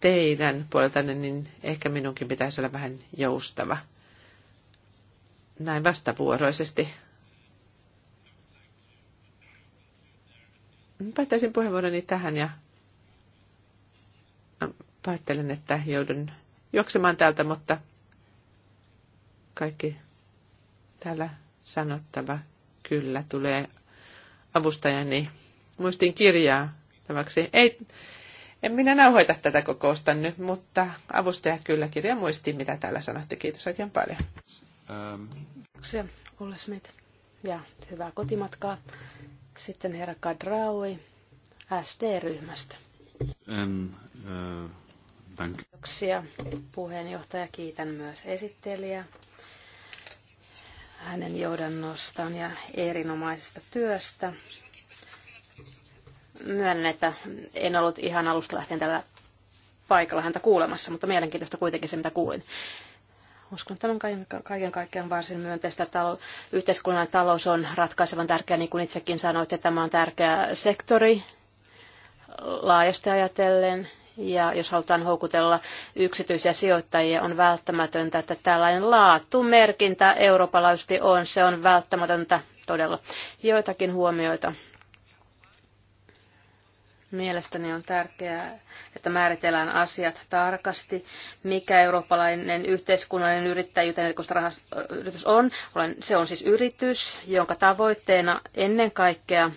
teidän puoleltanne, niin ehkä minunkin pitäisi olla vähän joustava. Näin vastavuoroisesti. Päättäisin puheenvuoroni tähän ja päättelen, että joudun juoksemaan täältä, mutta kaikki täällä sanottava kyllä tulee avustajani muistin kirjaa tavaksi. Ei, en minä nauhoita tätä kokousta nyt, mutta avustaja kyllä kirja muisti, mitä täällä sanotte. Kiitos oikein paljon. Ähm. Kiitoksia, Smith. Ja hyvää kotimatkaa. Sitten herra Kadraui SD-ryhmästä. En, ähm, uh, äh, Kiitoksia puheenjohtaja. Kiitän myös esittelijää hänen johdannostaan ja erinomaisesta työstä. Myönnän, että en ollut ihan alusta lähtien tällä paikalla häntä kuulemassa, mutta mielenkiintoista kuitenkin se, mitä kuulin. Uskon, että tämän kaiken kaikkiaan varsin myönteistä. Talo, yhteiskunnan talous on ratkaisevan tärkeä, niin kuin itsekin että tämä on tärkeä sektori laajasti ajatellen ja jos halutaan houkutella yksityisiä sijoittajia, on välttämätöntä, että tällainen laatumerkintä eurooppalaisesti on. Se on välttämätöntä todella. Joitakin huomioita. Mielestäni on tärkeää, että määritellään asiat tarkasti, mikä eurooppalainen yhteiskunnallinen yrittäjyyteen yritys on. Se on siis yritys, jonka tavoitteena ennen kaikkea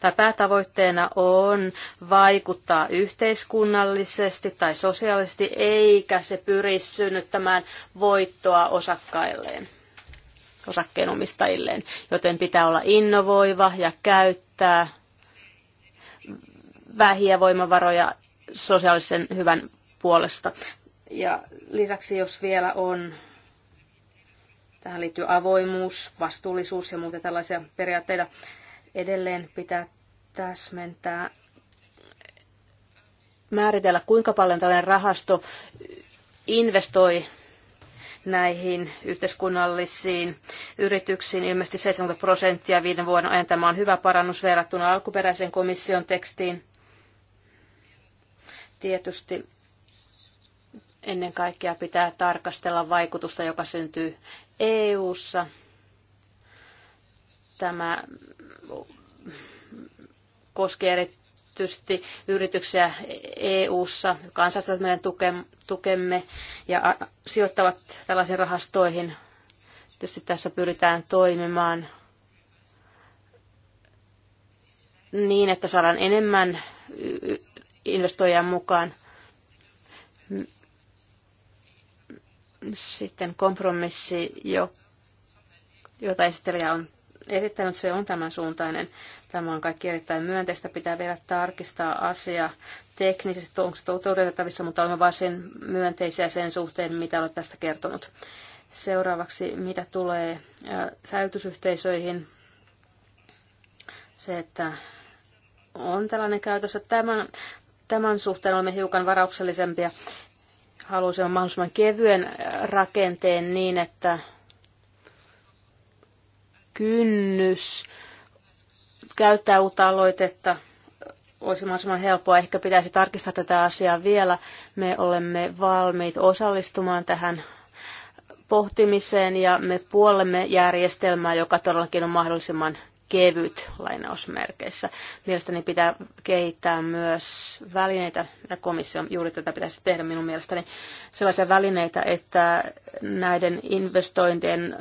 tai päätavoitteena on vaikuttaa yhteiskunnallisesti tai sosiaalisesti, eikä se pyri synnyttämään voittoa osakkailleen osakkeenomistajilleen, joten pitää olla innovoiva ja käyttää vähiä voimavaroja sosiaalisen hyvän puolesta. Ja lisäksi jos vielä on, tähän liittyy avoimuus, vastuullisuus ja muuta tällaisia periaatteita, Edelleen pitää täsmentää, määritellä kuinka paljon tällainen rahasto investoi näihin yhteiskunnallisiin yrityksiin ilmeisesti 70 prosenttia viiden vuoden ajan. Tämä on hyvä parannus verrattuna alkuperäisen komission tekstiin. Tietysti ennen kaikkea pitää tarkastella vaikutusta, joka syntyy EU-ssa Tämä koskee erityisesti yrityksiä EU-ssa, kansallistavat meidän tukemme ja sijoittavat tällaisiin rahastoihin. Tietysti tässä pyritään toimimaan niin, että saadaan enemmän investoijia mukaan. Sitten kompromissi, jota esittelijä on esittänyt, se on tämän suuntainen. Tämä on kaikki erittäin myönteistä. Pitää vielä tarkistaa asia teknisesti, onko se toteutettavissa, mutta olemme varsin myönteisiä sen suhteen, mitä olet tästä kertonut. Seuraavaksi, mitä tulee säilytysyhteisöihin, se, että on tällainen käytössä. Tämän, tämän suhteen olemme hiukan varauksellisempia. Haluaisimme mahdollisimman kevyen rakenteen niin, että kynnys käyttää uutta aloitetta olisi mahdollisimman helppoa. Ehkä pitäisi tarkistaa tätä asiaa vielä. Me olemme valmiit osallistumaan tähän pohtimiseen ja me puolemme järjestelmää, joka todellakin on mahdollisimman kevyt lainausmerkeissä. Mielestäni pitää kehittää myös välineitä, ja komissio juuri tätä pitäisi tehdä minun mielestäni, sellaisia välineitä, että näiden investointien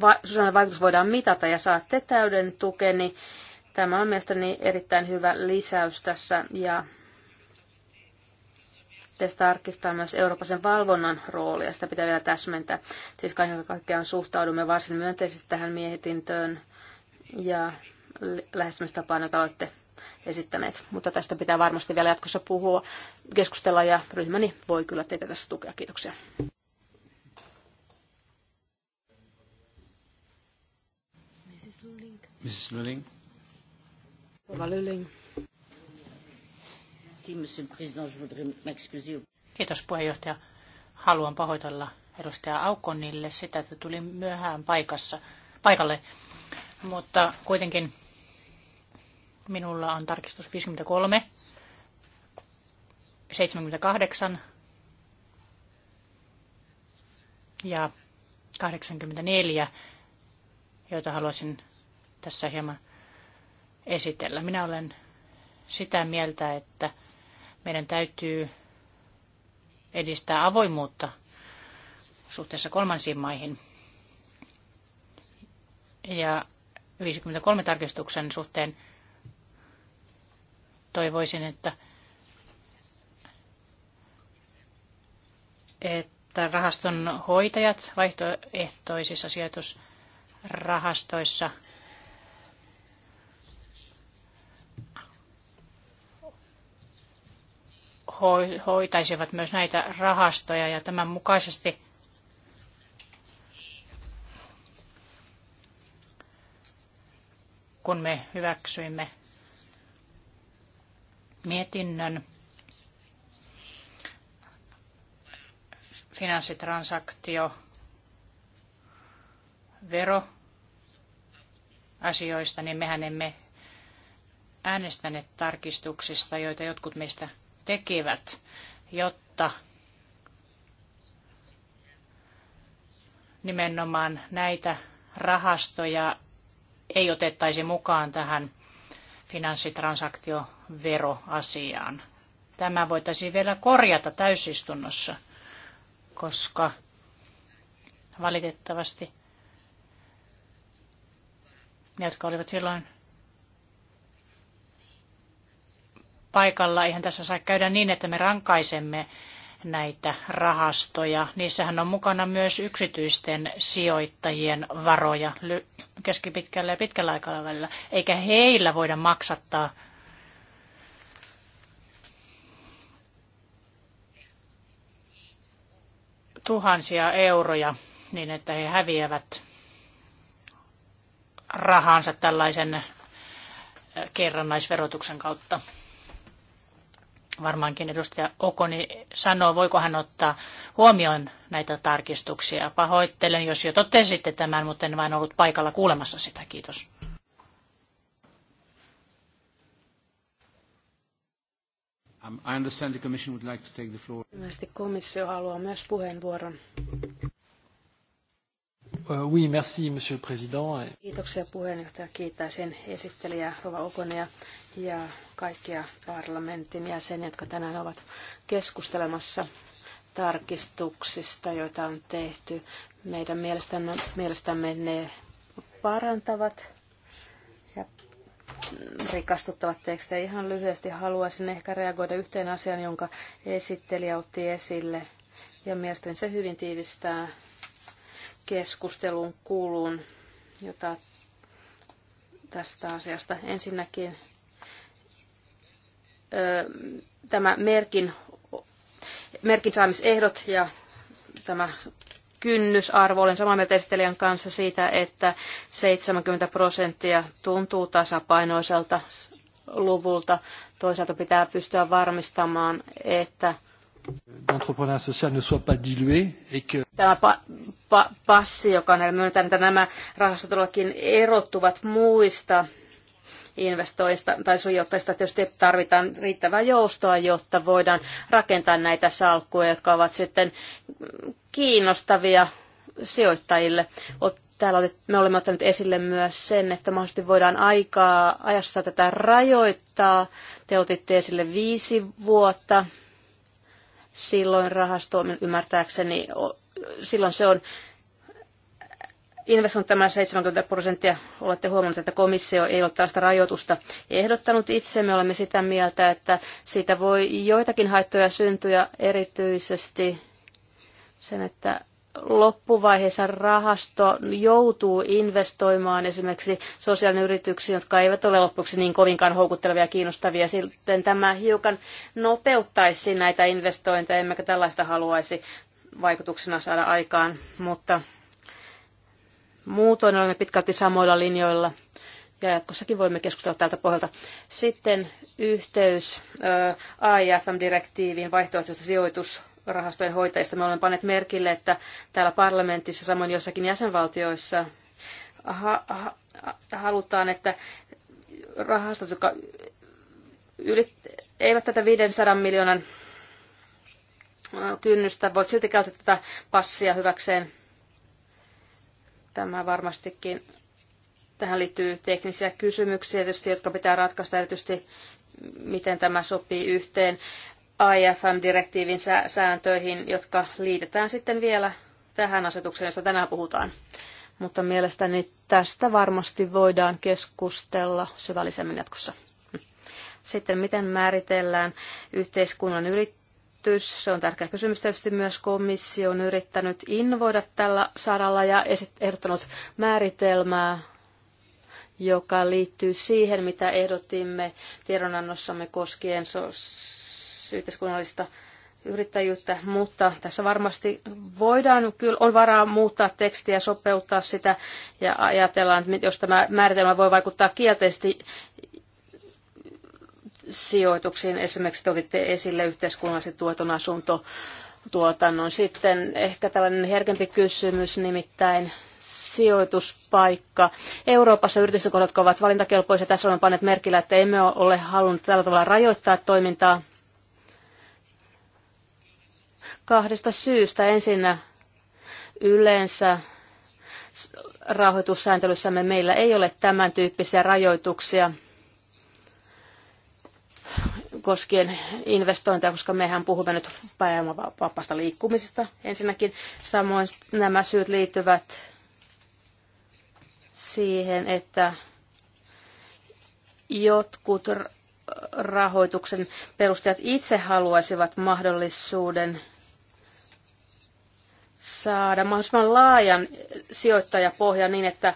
va- vaikutus voidaan mitata ja saatte täyden tukeni. Tämä on mielestäni erittäin hyvä lisäys tässä ja tästä tarkistaa myös Euroopan valvonnan roolia. Sitä pitää vielä täsmentää. Siis kaiken kaikkiaan suhtaudumme varsin myönteisesti tähän miehitintöön ja lähestymistapaan, jota olette esittäneet. Mutta tästä pitää varmasti vielä jatkossa puhua, keskustella ja ryhmäni voi kyllä teitä tässä tukea. Kiitoksia. Mrs. Lulling. Mrs. Luling. Kiitos puheenjohtaja. Haluan pahoitella edustaja Aukonille sitä, että tuli myöhään paikassa, paikalle mutta kuitenkin minulla on tarkistus 53, 78 ja 84, joita haluaisin tässä hieman esitellä. Minä olen sitä mieltä, että meidän täytyy edistää avoimuutta suhteessa kolmansiin maihin. Ja 53 tarkistuksen suhteen toivoisin, että, että rahaston hoitajat vaihtoehtoisissa sijoitusrahastoissa hoitaisivat myös näitä rahastoja ja tämän mukaisesti kun me hyväksyimme mietinnön finanssitransaktio vero asioista, niin mehän emme äänestäneet tarkistuksista, joita jotkut meistä tekivät, jotta nimenomaan näitä rahastoja ei otettaisi mukaan tähän finanssitransaktioveroasiaan. Tämä voitaisiin vielä korjata täysistunnossa, koska valitettavasti ne, jotka olivat silloin paikalla, eihän tässä saa käydä niin, että me rankaisemme näitä rahastoja. Niissähän on mukana myös yksityisten sijoittajien varoja keskipitkällä ja pitkällä aikavälillä, eikä heillä voida maksattaa tuhansia euroja niin, että he häviävät rahansa tällaisen äh, kerrannaisverotuksen kautta. Varmaankin edustaja Okoni sanoo, voiko hän ottaa huomioon näitä tarkistuksia. Pahoittelen, jos jo totesitte tämän, mutta en vain ollut paikalla kuulemassa sitä. Kiitos. Um, I understand the commission would like to take the floor. Ilmeisesti komissio haluaa myös puheenvuoron. Uh, oui, merci, monsieur le président. Kiitoksia puheenjohtaja. Kiittäisin esittelijää Rova Okonia ja kaikkia parlamentin jäseniä, jotka tänään ovat keskustelemassa tarkistuksista, joita on tehty. Meidän mielestämme, mielestämme ne parantavat ja rikastuttavat tekstejä. Ihan lyhyesti haluaisin ehkä reagoida yhteen asiaan, jonka esittelijä otti esille. Ja mielestäni se hyvin tiivistää keskustelun kulun, jota tästä asiasta. Ensinnäkin tämä merkin, merkin saamisehdot ja tämä kynnysarvo. Olen samaa mieltä esittelijän kanssa siitä, että 70 prosenttia tuntuu tasapainoiselta luvulta. Toisaalta pitää pystyä varmistamaan, että social ne soit pas dilué et que... Tämä pa- pa- passi, joka on myönnetään, että nämä rahastot erottuvat muista investoista tai sijoittajista tietysti tarvitaan riittävää joustoa, jotta voidaan rakentaa näitä salkkuja, jotka ovat sitten kiinnostavia sijoittajille. Täällä me olemme ottaneet esille myös sen, että mahdollisesti voidaan aikaa ajassa tätä rajoittaa. Te otitte esille viisi vuotta. Silloin rahasto ymmärtääkseni, silloin se on investoinut tämän 70 prosenttia. Olette huomannut, että komissio ei ole tällaista rajoitusta ehdottanut itse. Me olemme sitä mieltä, että siitä voi joitakin haittoja syntyä, erityisesti sen, että loppuvaiheessa rahasto joutuu investoimaan esimerkiksi sosiaalinen yrityksiin, jotka eivät ole lopuksi niin kovinkaan houkuttelevia ja kiinnostavia. Sitten tämä hiukan nopeuttaisi näitä investointeja, emmekä tällaista haluaisi vaikutuksena saada aikaan, mutta Muutoin olemme pitkälti samoilla linjoilla ja jatkossakin voimme keskustella tältä pohjalta. Sitten yhteys AIFM-direktiiviin vaihtoehtoista sijoitusrahastojen hoitajista. Me olemme panneet merkille, että täällä parlamentissa, samoin jossakin jäsenvaltioissa, ha- ha- halutaan, että rahastot, jotka ylit- eivät tätä 500 miljoonan kynnystä, voit silti käyttää tätä passia hyväkseen Tämä varmastikin, tähän liittyy teknisiä kysymyksiä tietysti, jotka pitää ratkaista erityisesti, miten tämä sopii yhteen IFM-direktiivin sääntöihin, jotka liitetään sitten vielä tähän asetukseen, josta tänään puhutaan. Mutta mielestäni tästä varmasti voidaan keskustella syvällisemmin jatkossa. Sitten miten määritellään yhteiskunnan yrittäjyyttä kehitys, se on tärkeä kysymys. Tietysti myös komissio on yrittänyt invoida tällä saralla ja ehdottanut määritelmää, joka liittyy siihen, mitä ehdotimme tiedonannossamme koskien yhteiskunnallista yrittäjyyttä, mutta tässä varmasti voidaan, kyllä on varaa muuttaa tekstiä, sopeuttaa sitä ja ajatellaan, että jos tämä määritelmä voi vaikuttaa kielteisesti sijoituksiin. Esimerkiksi te otitte esille yhteiskunnallisen tuoton asunto tuotannon. Sitten ehkä tällainen herkempi kysymys, nimittäin sijoituspaikka. Euroopassa yritysten kohdat, jotka ovat valintakelpoisia, tässä olemme panneet merkillä, että emme ole halunneet tällä tavalla rajoittaa toimintaa kahdesta syystä. Ensinnä yleensä rahoitussääntelyssämme meillä ei ole tämän tyyppisiä rajoituksia koskien investointeja, koska mehän puhumme nyt pääomavapaasta liikkumisesta ensinnäkin. Samoin nämä syyt liittyvät siihen, että jotkut rahoituksen perustajat itse haluaisivat mahdollisuuden saada mahdollisimman laajan sijoittajapohjan niin, että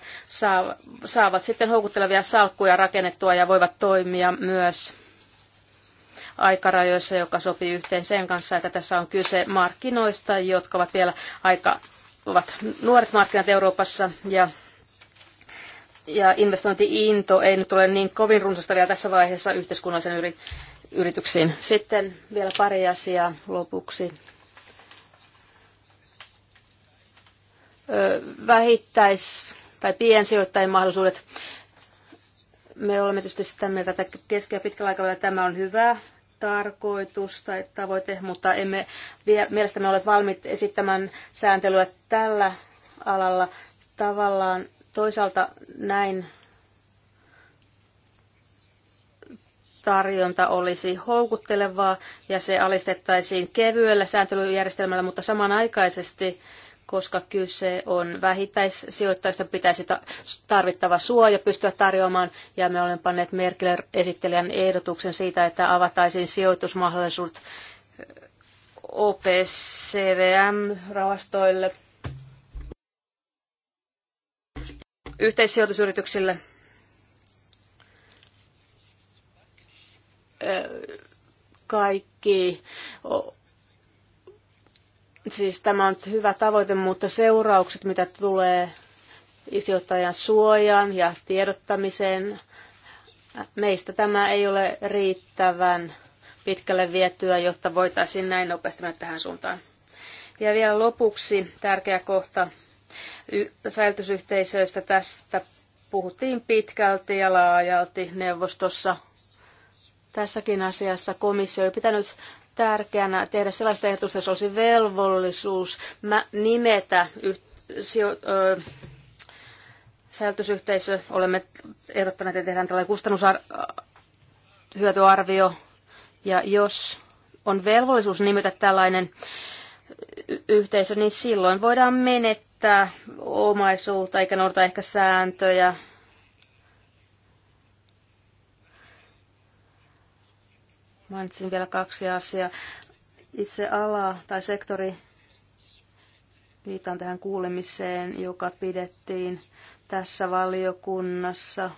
saavat sitten houkuttelevia salkkuja rakennettua ja voivat toimia myös aikarajoissa, joka sopii yhteen sen kanssa, että tässä on kyse markkinoista, jotka ovat vielä aika ovat nuoret markkinat Euroopassa ja ja investointiinto ei nyt ole niin kovin runsasta vielä tässä vaiheessa yhteiskunnallisen yri, yrityksiin. Sitten vielä pari asiaa lopuksi. vähittäis- tai piensijoittajien mahdollisuudet. Me olemme tietysti sitä mieltä, että keski- ja pitkällä aikavälillä tämä on hyvä tarkoitus tai tavoite, mutta emme mielestämme ole valmiit esittämään sääntelyä tällä alalla. Tavallaan toisaalta näin tarjonta olisi houkuttelevaa ja se alistettaisiin kevyellä sääntelyjärjestelmällä, mutta samanaikaisesti koska kyse on vähittäissijoittajista, pitäisi tarvittava suoja pystyä tarjoamaan, ja me olemme panneet merkille esittelijän ehdotuksen siitä, että avataisiin sijoitusmahdollisuudet eh, OPCVM-rahastoille, yhteissijoitusyrityksille, eh, kaikki Siis tämä on hyvä tavoite, mutta seuraukset, mitä tulee sijoittajan suojaan ja tiedottamiseen, meistä tämä ei ole riittävän pitkälle vietyä, jotta voitaisiin näin nopeasti mennä tähän suuntaan. Ja vielä lopuksi tärkeä kohta säilytysyhteisöistä. Tästä puhuttiin pitkälti ja laajalti neuvostossa. Tässäkin asiassa komissio ei pitänyt tärkeänä tehdä sellaista ehdotusta, jos olisi velvollisuus nimetä yh- säilytysyhteisö. Olemme ehdottaneet, että tehdään tällainen kustannushyötyarvio. Ja jos on velvollisuus nimetä tällainen yhteisö, niin silloin voidaan menettää omaisuutta eikä noudata ehkä sääntöjä Mainitsin vielä kaksi asiaa. Itse ala tai sektori, viitan tähän kuulemiseen, joka pidettiin tässä valiokunnassa.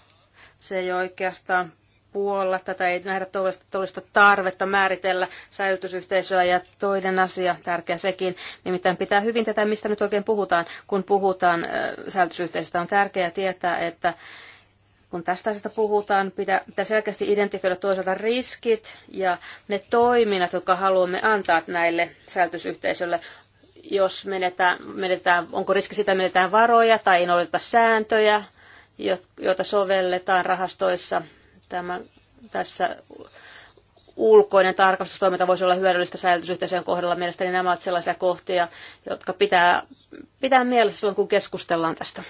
Se ei oikeastaan puolella tätä ei nähdä todellista tarvetta määritellä säilytysyhteisöä. Ja toinen asia, tärkeä sekin, nimittäin pitää hyvin tätä, mistä nyt oikein puhutaan, kun puhutaan säilytysyhteisöstä. On tärkeää tietää, että kun tästä asiasta puhutaan, pitää, pitää selkeästi identifioida toisaalta riskit ja ne toiminnat, jotka haluamme antaa näille säilytysyhteisölle jos menetään, menetään, onko riski sitä, menetään varoja tai ei noudata sääntöjä, joita sovelletaan rahastoissa. Tämä, tässä ulkoinen tarkastustoiminta voisi olla hyödyllistä säilytysyhteisöjen kohdalla. Mielestäni nämä ovat sellaisia kohtia, jotka pitää, pitää mielessä silloin, kun keskustellaan tästä.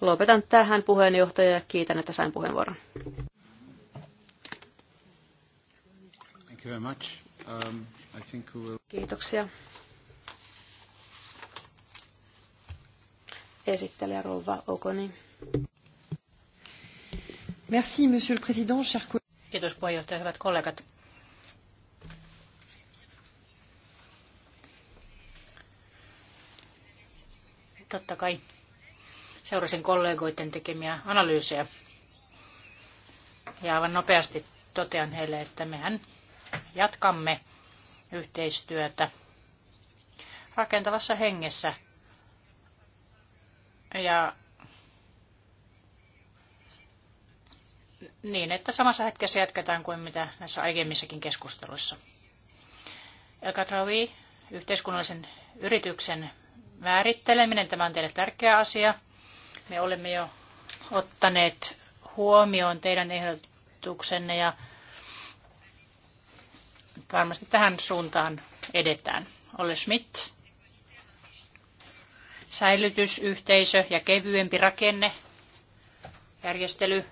Lopetan tähän puheenjohtaja ja kiitän, että sain puheenvuoron. Thank you very much. Um, I think we will... Kiitoksia. Esittelijä Rouva Okoni. Merci, Monsieur le Président, cher collègues. Kiitos puheenjohtaja, hyvät kollegat. Totta kai Seurasin kollegoiden tekemiä analyysejä. Ja aivan nopeasti totean heille, että mehän jatkamme yhteistyötä rakentavassa hengessä. Ja niin, että samassa hetkessä jatketaan kuin mitä näissä aiemmissakin keskusteluissa. El Kadrawi, yhteiskunnallisen yrityksen määritteleminen, tämä on teille tärkeä asia. Me olemme jo ottaneet huomioon teidän ehdotuksenne ja varmasti tähän suuntaan edetään. Olle Schmidt. Säilytysyhteisö ja kevyempi rakenne. Järjestely.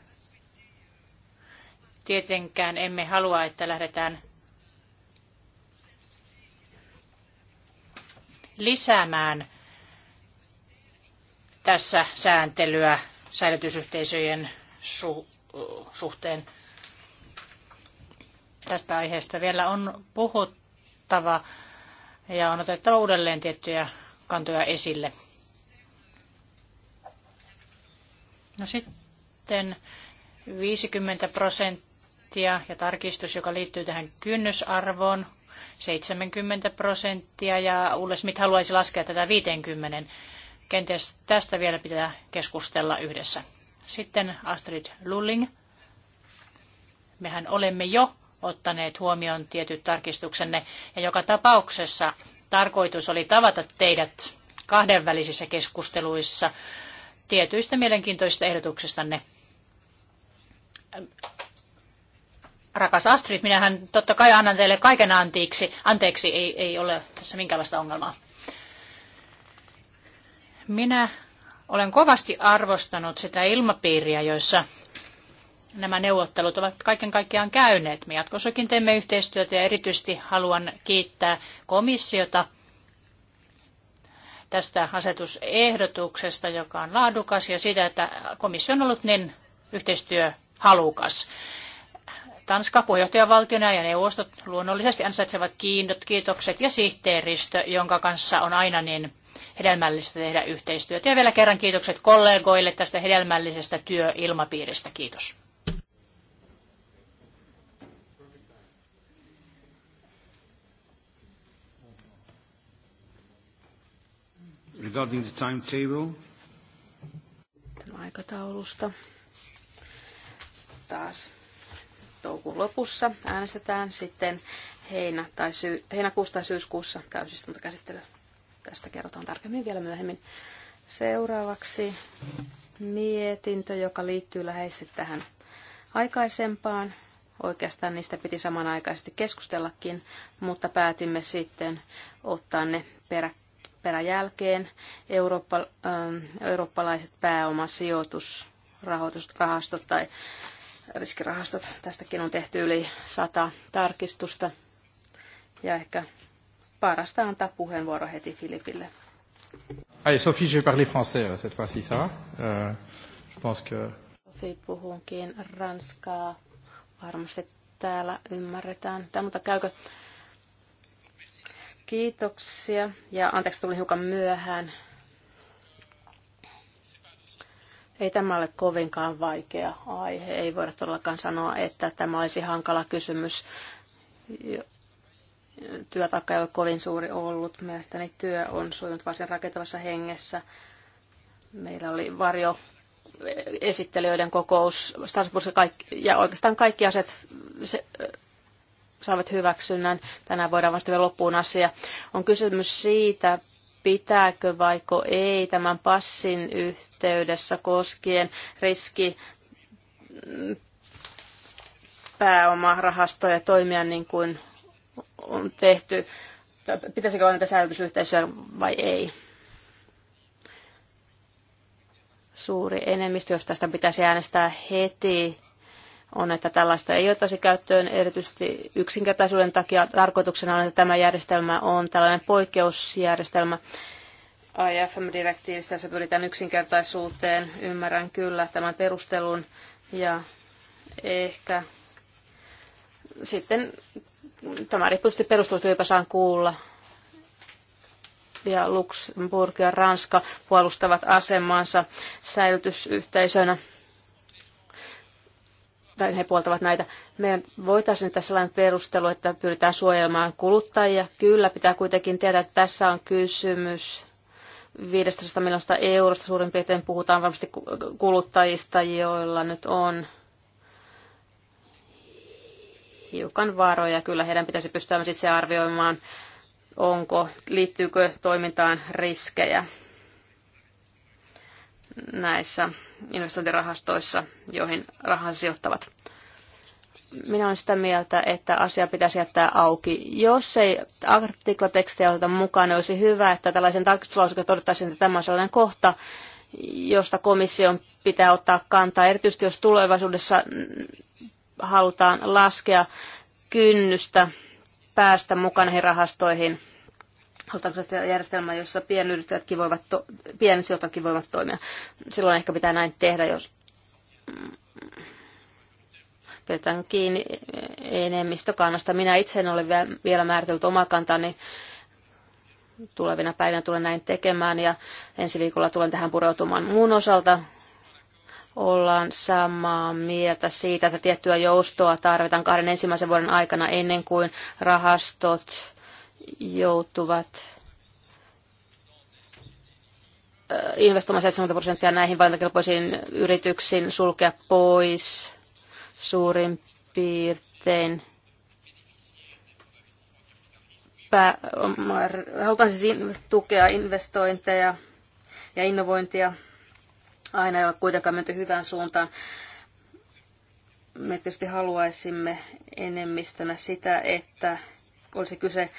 Tietenkään emme halua, että lähdetään lisäämään tässä sääntelyä säilytysyhteisöjen su- suhteen. Tästä aiheesta vielä on puhuttava ja on otettava uudelleen tiettyjä kantoja esille. No sitten 50 prosenttia ja tarkistus, joka liittyy tähän kynnysarvoon, 70 prosenttia ja Ulle Smith haluaisi laskea tätä 50 Kenties tästä vielä pitää keskustella yhdessä. Sitten Astrid Lulling. Mehän olemme jo ottaneet huomioon tietyt tarkistuksenne ja joka tapauksessa tarkoitus oli tavata teidät kahdenvälisissä keskusteluissa tietyistä mielenkiintoisista ehdotuksistanne. Rakas Astrid, minähän totta kai annan teille kaiken antiiksi. Anteeksi, ei, ei ole tässä minkäänlaista ongelmaa. Minä olen kovasti arvostanut sitä ilmapiiriä, joissa nämä neuvottelut ovat kaiken kaikkiaan käyneet. Me jatkossakin teemme yhteistyötä ja erityisesti haluan kiittää komissiota tästä asetusehdotuksesta, joka on laadukas ja siitä, että komissio on ollut niin yhteistyöhalukas. Tanska puheenjohtajavaltiona ja neuvostot luonnollisesti ansaitsevat kiitokset ja sihteeristö, jonka kanssa on aina niin hedelmällistä tehdä yhteistyötä. Ja vielä kerran kiitokset kollegoille tästä hedelmällisestä työilmapiiristä. Kiitos. Regarding the timetable. aikataulusta taas toukokuun lopussa äänestetään sitten heinä tai syy, heinäkuussa tai syyskuussa täysistuntokäsittely. Tästä kerrotaan tarkemmin vielä myöhemmin. Seuraavaksi mietintö, joka liittyy läheisesti tähän aikaisempaan. Oikeastaan niistä piti samanaikaisesti keskustellakin, mutta päätimme sitten ottaa ne perä, peräjälkeen. Eurooppa, ähm, eurooppalaiset pääomasijoitusrahoitusrahastot tai riskirahastot. Tästäkin on tehty yli sata tarkistusta. Ja ehkä parasta antaa puheenvuoro heti Filipille. Allez, ah, Sophie, je parle français euh, cette fois-ci, ça va? Euh, je pense que... Sophie puhunkin ranskaa. Varmasti täällä ymmärretään. Tämä, mutta käykö... Kiitoksia ja anteeksi, tulin hiukan myöhään. Ei tämä ole kovinkaan vaikea aihe. Ei voida todellakaan sanoa, että tämä olisi hankala kysymys. Työtaakka ei ole kovin suuri ollut. Mielestäni työ on sujunut varsin rakentavassa hengessä. Meillä oli varjo esittelijöiden kokous Strasbourgissa kaikki, ja oikeastaan kaikki asiat se, saavat hyväksynnän. Tänään voidaan vasta vielä loppuun asia. On kysymys siitä, pitääkö vaiko ei tämän passin yhteydessä koskien riski mm, pääomarahastoja toimia niin kuin on tehty. Pitäisikö olla näitä säilytysyhteisöjä vai ei? Suuri enemmistö, jos tästä pitäisi äänestää heti, on, että tällaista ei ottaisi käyttöön erityisesti yksinkertaisuuden takia. Tarkoituksena on, että tämä järjestelmä on tällainen poikkeusjärjestelmä IFM-direktiivistä. Se pyritään yksinkertaisuuteen. Ymmärrän kyllä tämän perustelun ja ehkä sitten tämä riippuu sitten perustelusta, saan kuulla. Ja Luxemburg ja Ranska puolustavat asemansa säilytysyhteisönä tai he puoltavat näitä. Meidän voitaisiin tässä sellainen perustelu, että pyritään suojelemaan kuluttajia. Kyllä, pitää kuitenkin tietää, että tässä on kysymys 500 miljoonasta eurosta suurin piirtein puhutaan varmasti kuluttajista, joilla nyt on hiukan varoja. Kyllä heidän pitäisi pystyä myös itse arvioimaan, onko, liittyykö toimintaan riskejä näissä investointirahastoissa, joihin rahansa sijoittavat. Minä olen sitä mieltä, että asia pitäisi jättää auki. Jos ei artiklatekstiä oteta mukaan, niin olisi hyvä, että tällaisen tarkistuslausukka todettaisiin, että tämä on sellainen kohta, josta komission pitää ottaa kantaa, erityisesti jos tulevaisuudessa halutaan laskea kynnystä päästä mukana näihin rahastoihin Halutaanko järjestelmä, jossa pienyrittäjätkin voivat, to- piensijoitajatkin voivat toimia? Silloin ehkä pitää näin tehdä, jos pidetään kiinni enemmistökannasta. Minä itse en ole vielä määritellyt omaa kantani. Tulevina päivinä tulen näin tekemään ja ensi viikolla tulen tähän pureutumaan muun osalta. Ollaan samaa mieltä siitä, että tiettyä joustoa tarvitaan kahden ensimmäisen vuoden aikana ennen kuin rahastot joutuvat investoimaan 70 prosenttia näihin valintakelpoisiin yrityksiin, sulkea pois suurin piirtein. Pää, halutaan siis tukea investointeja ja innovointia. Aina ei ole kuitenkaan menty hyvään suuntaan. Me tietysti haluaisimme enemmistönä sitä, että olisi kyse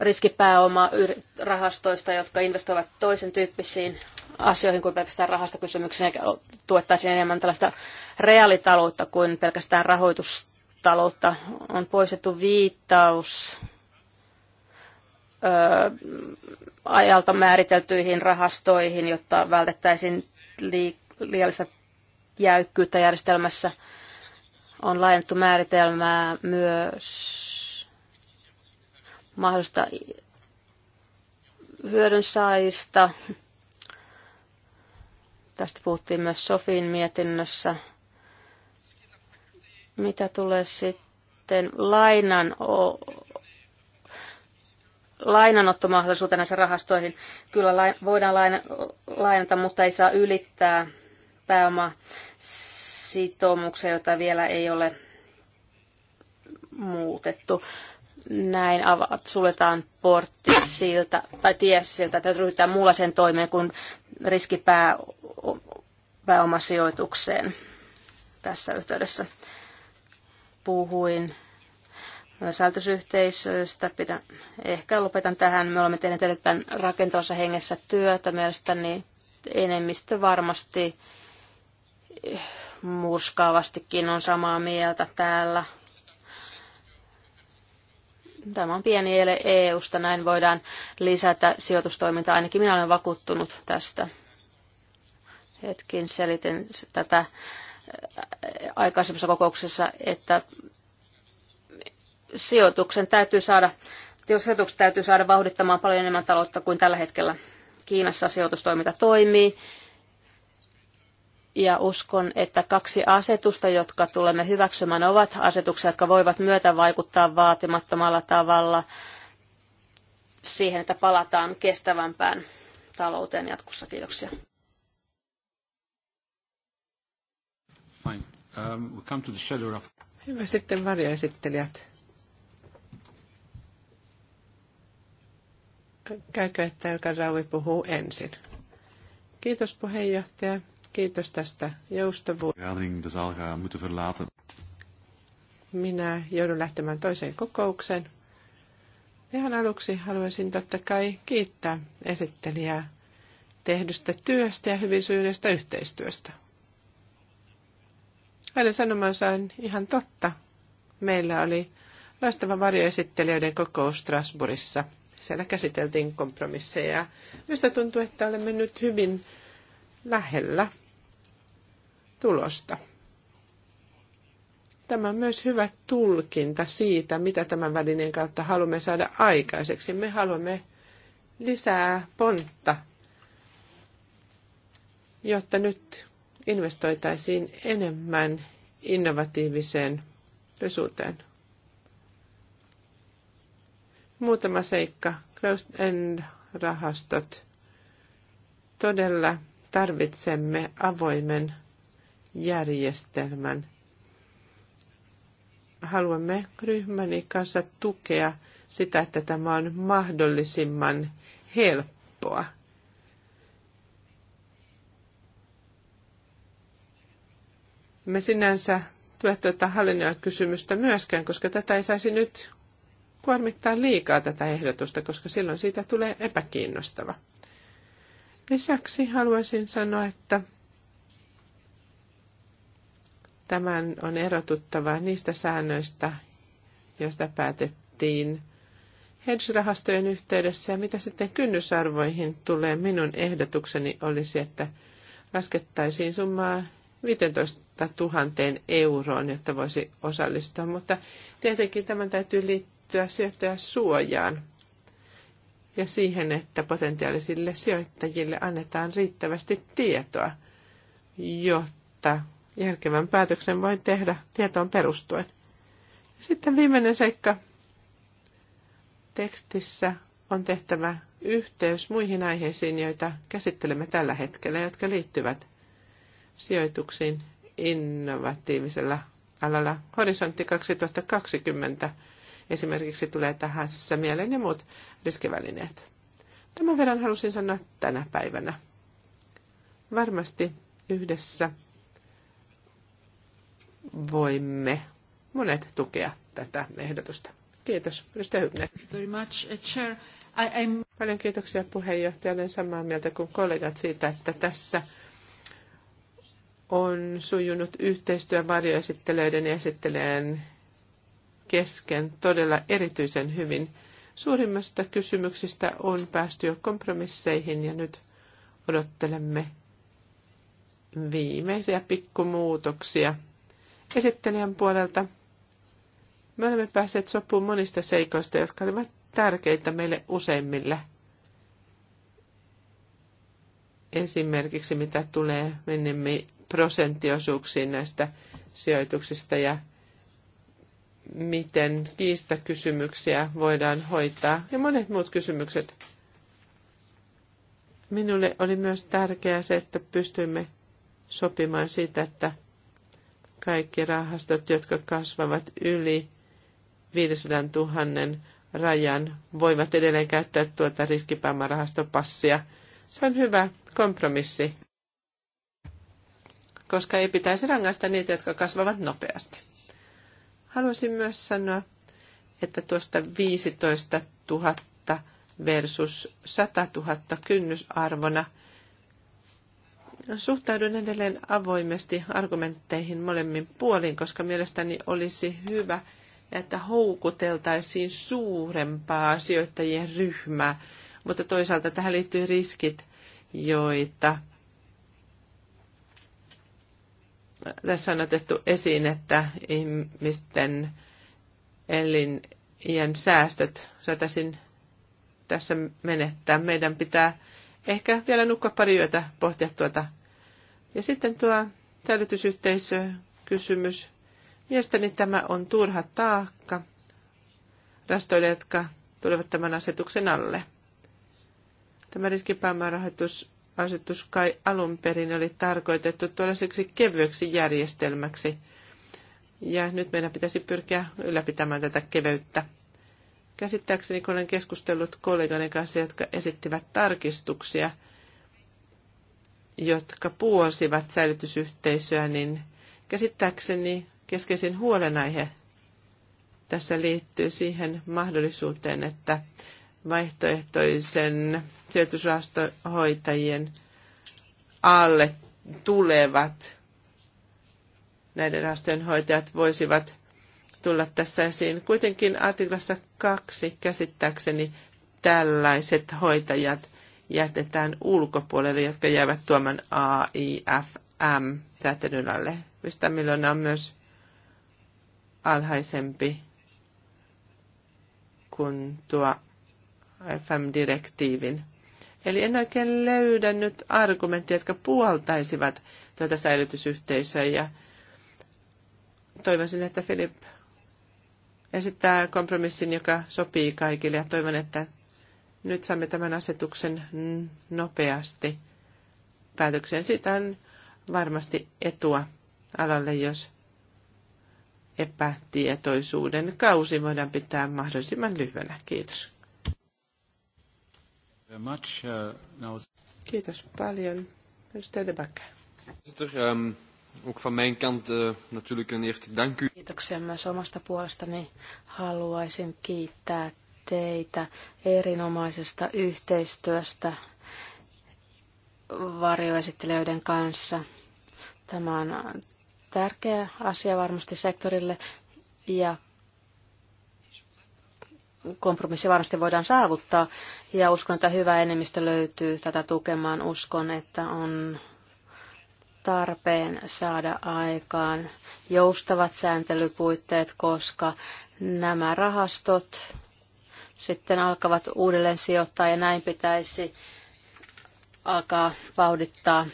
riskipääoma rahastoista, jotka investoivat toisen tyyppisiin asioihin kuin pelkästään rahastokysymyksiin, eikä tuettaisiin enemmän tällaista reaalitaloutta kuin pelkästään rahoitustaloutta. On poistettu viittaus öö, ajalta määriteltyihin rahastoihin, jotta vältettäisiin liik- liiallista jäykkyyttä järjestelmässä. On laajennettu määritelmää myös mahdollista hyödynsaajista. Tästä puhuttiin myös Sofin mietinnössä. Mitä tulee sitten lainan o- lainanottomahdollisuuteen näissä rahastoihin? Kyllä lain- voidaan lain- lainata, mutta ei saa ylittää pääomasitoumuksia, joita vielä ei ole muutettu näin avaat, suljetaan portti siltä, tai tie siltä, että ryhdytään sen toimeen kuin pää, pääomasijoitukseen tässä yhteydessä. Puhuin säätösyhteisöistä. Pidän, ehkä lopetan tähän. Me olemme tehneet erittäin rakentavassa hengessä työtä. Mielestäni enemmistö varmasti murskaavastikin on samaa mieltä täällä Tämä on pieni ele EU-sta, näin voidaan lisätä sijoitustoimintaa. Ainakin minä olen vakuuttunut tästä. Hetkin selitin tätä äh, aikaisemmassa kokouksessa, että sijoituksen täytyy saada, sijoitukset täytyy saada vauhdittamaan paljon enemmän taloutta kuin tällä hetkellä. Kiinassa sijoitustoiminta toimii ja uskon, että kaksi asetusta, jotka tulemme hyväksymään, ovat asetuksia, jotka voivat myötä vaikuttaa vaatimattomalla tavalla siihen, että palataan kestävämpään talouteen jatkossa. Kiitoksia. Fine. Um, we come to the shadow Hyvä sitten varjoesittelijät. Käykö, että Elkan Raui puhuu ensin. Kiitos puheenjohtaja. Kiitos tästä joustavuudesta. Minä joudun lähtemään toiseen kokoukseen. Ihan aluksi haluaisin totta kai kiittää esittelijää tehdystä työstä ja hyvin syydestä yhteistyöstä. Hänen sanomansa on ihan totta. Meillä oli loistava varjoesittelijöiden kokous Strasbourgissa. Siellä käsiteltiin kompromisseja. Minusta tuntuu, että olemme nyt hyvin lähellä tulosta. Tämä on myös hyvä tulkinta siitä, mitä tämän välineen kautta haluamme saada aikaiseksi. Me haluamme lisää pontta, jotta nyt investoitaisiin enemmän innovatiiviseen risuuteen. Muutama seikka. Closed-end-rahastot. Todella tarvitsemme avoimen järjestelmän. Haluamme ryhmäni kanssa tukea sitä, että tämä on mahdollisimman helppoa. Me sinänsä tue tätä tuota hallinnon kysymystä myöskään, koska tätä ei saisi nyt kuormittaa liikaa tätä ehdotusta, koska silloin siitä tulee epäkiinnostava. Lisäksi haluaisin sanoa, että Tämän on erotuttava niistä säännöistä, joista päätettiin hedge-rahastojen yhteydessä. Ja mitä sitten kynnysarvoihin tulee, minun ehdotukseni olisi, että laskettaisiin summaa 15 000 euroon, jotta voisi osallistua. Mutta tietenkin tämän täytyy liittyä sijoittajasuojaan ja siihen, että potentiaalisille sijoittajille annetaan riittävästi tietoa, jotta järkevän päätöksen voi tehdä tietoon perustuen. Sitten viimeinen seikka. Tekstissä on tehtävä yhteys muihin aiheisiin, joita käsittelemme tällä hetkellä, jotka liittyvät sijoituksiin innovatiivisella alalla. Horisontti 2020 esimerkiksi tulee tässä mieleen ja muut riskivälineet. Tämän verran halusin sanoa tänä päivänä. Varmasti yhdessä voimme monet tukea tätä ehdotusta. Kiitos, Hybner. Uh, Paljon kiitoksia puheenjohtaja. Olen samaa mieltä kuin kollegat siitä, että tässä on sujunut yhteistyö varjoesittelijöiden ja esittelijän kesken todella erityisen hyvin. Suurimmasta kysymyksistä on päästy jo kompromisseihin ja nyt odottelemme viimeisiä pikkumuutoksia – esittelijän puolelta. Me olemme päässeet sopuun monista seikoista, jotka olivat tärkeitä meille useimmille. Esimerkiksi mitä tulee menemmin prosenttiosuuksiin näistä sijoituksista ja miten kiistä kysymyksiä voidaan hoitaa ja monet muut kysymykset. Minulle oli myös tärkeää se, että pystyimme sopimaan siitä, että kaikki rahastot, jotka kasvavat yli 500 000 rajan, voivat edelleen käyttää tuota riskipääomarahastopassia. Se on hyvä kompromissi, koska ei pitäisi rangaista niitä, jotka kasvavat nopeasti. Haluaisin myös sanoa, että tuosta 15 000 versus 100 000 kynnysarvona – Suhtaudun edelleen avoimesti argumentteihin molemmin puolin, koska mielestäni olisi hyvä, että houkuteltaisiin suurempaa sijoittajien ryhmää, mutta toisaalta tähän liittyy riskit, joita tässä on otettu esiin, että ihmisten elin säästöt saataisiin tässä menettää. Meidän pitää Ehkä vielä nukkua pari yötä pohtia tuota. Ja sitten tuo kysymys Mielestäni tämä on turha taakka rastoille, jotka tulevat tämän asetuksen alle. Tämä riskipääomarahoitusasetus kai alun perin oli tarkoitettu tuollaiseksi kevyeksi järjestelmäksi. Ja nyt meidän pitäisi pyrkiä ylläpitämään tätä keveyttä. Käsittääkseni, kun olen keskustellut kollegani kanssa, jotka esittivät tarkistuksia, jotka puolsivat säilytysyhteisöä, niin käsittääkseni keskeisin huolenaihe tässä liittyy siihen mahdollisuuteen, että vaihtoehtoisen sijoitusrahastohoitajien alle tulevat näiden rahastojen hoitajat voisivat tulla tässä esiin. Kuitenkin artiklassa kaksi käsittääkseni tällaiset hoitajat jätetään ulkopuolelle, jotka jäävät tuoman AIFM säätelyn alle. mistä miljoonaa on myös alhaisempi kuin tuo FM-direktiivin. Eli en oikein löydä nyt argumentteja, jotka puoltaisivat tuota säilytysyhteisöä ja toivoisin, että Filip esittää kompromissin, joka sopii kaikille ja toivon, että nyt saamme tämän asetuksen nopeasti päätökseen. Siitä on varmasti etua alalle, jos epätietoisuuden kausi voidaan pitää mahdollisimman lyhyenä. Kiitos. Uh, Kiitos paljon. Edustaja ook van mijn kant uh, natuurlijk een eerste dank u. Kiitoksia myös omasta puolestani. Haluaisin kiittää teitä erinomaisesta yhteistyöstä varjoesittelijöiden kanssa. Tämä on tärkeä asia varmasti sektorille ja kompromissi varmasti voidaan saavuttaa. Ja uskon, että hyvä enemmistö löytyy tätä tukemaan. Uskon, että on tarpeen saada aikaan joustavat sääntelypuitteet, koska nämä rahastot sitten alkavat uudelleen sijoittaa ja näin pitäisi alkaa vauhdittaa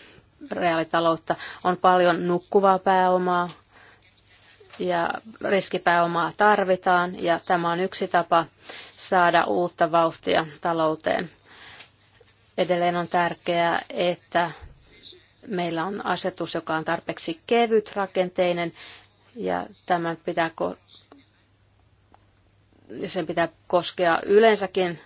reaalitaloutta. On paljon nukkuvaa pääomaa ja riskipääomaa tarvitaan ja tämä on yksi tapa saada uutta vauhtia talouteen. Edelleen on tärkeää, että meillä on asetus, joka on tarpeeksi kevyt rakenteinen ja tämän pitää sen pitää koskea yleensäkin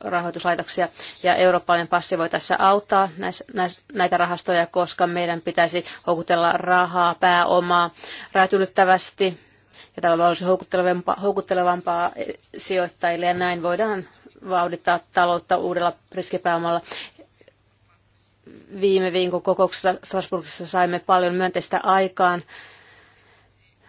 rahoituslaitoksia ja eurooppalainen passi voi tässä auttaa näis, näis, näitä rahastoja, koska meidän pitäisi houkutella rahaa, pääomaa räätylyttävästi ja tällä olisi houkuttelevampaa, houkuttelevampaa sijoittajille ja näin voidaan vauhdittaa taloutta uudella riskipääomalla viime viikon kokouksessa Strasbourgissa saimme paljon myönteistä aikaan.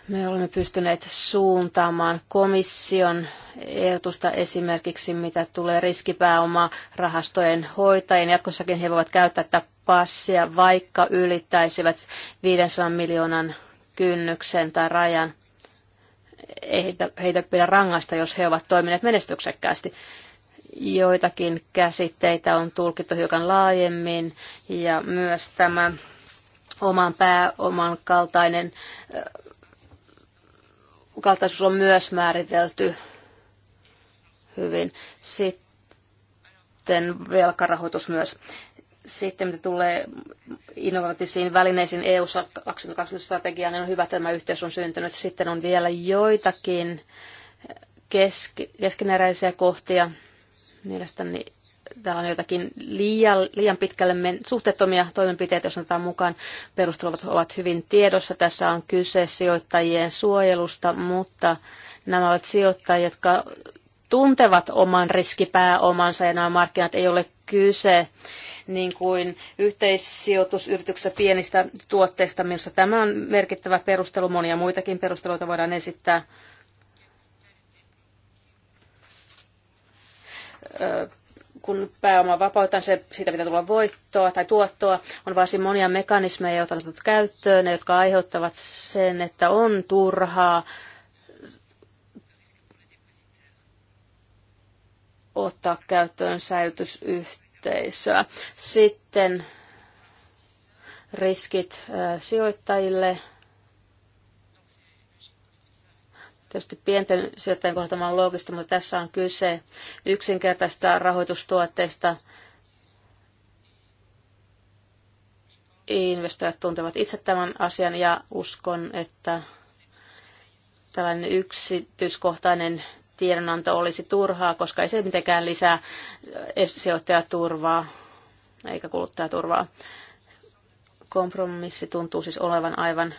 Me olemme pystyneet suuntaamaan komission ehdotusta esimerkiksi, mitä tulee riskipääomaa rahastojen hoitajien. Jatkossakin he voivat käyttää tätä passia, vaikka ylittäisivät 500 miljoonan kynnyksen tai rajan. heitä, heitä pidä rangaista, jos he ovat toimineet menestyksekkäästi joitakin käsitteitä on tulkittu hiukan laajemmin ja myös tämä oman pääoman kaltainen kaltaisuus on myös määritelty hyvin. Sitten velkarahoitus myös. Sitten mitä tulee innovatiivisiin välineisiin eu 2020-strategiaan, niin on hyvä, että tämä yhteys on syntynyt. Sitten on vielä joitakin keski, keskeneräisiä kohtia, Mielestäni täällä on jotakin liian, liian pitkälle men, suhteettomia toimenpiteitä, jos otetaan mukaan. Perustelut ovat hyvin tiedossa. Tässä on kyse sijoittajien suojelusta, mutta nämä ovat sijoittajia, jotka tuntevat oman riskipääomansa ja nämä markkinat ei ole kyse niin kuin yhteissijoitusyrityksessä pienistä tuotteista, minusta tämä on merkittävä perustelu. Monia muitakin perusteluita voidaan esittää kun pääoma vapautetaan, se, siitä pitää tulla voittoa tai tuottoa. On varsin monia mekanismeja, joita on otettu käyttöön, jotka aiheuttavat sen, että on turhaa ottaa käyttöön säilytysyhteisöä. Sitten riskit sijoittajille – Tietysti pienten sijoittajien kohdalla on loogista, mutta tässä on kyse yksinkertaista rahoitustuotteista. Investoijat tuntevat itse tämän asian ja uskon, että tällainen yksityiskohtainen tiedonanto olisi turhaa, koska ei se mitenkään lisää sijoittajaturvaa eikä kuluttajaturvaa. Kompromissi tuntuu siis olevan aivan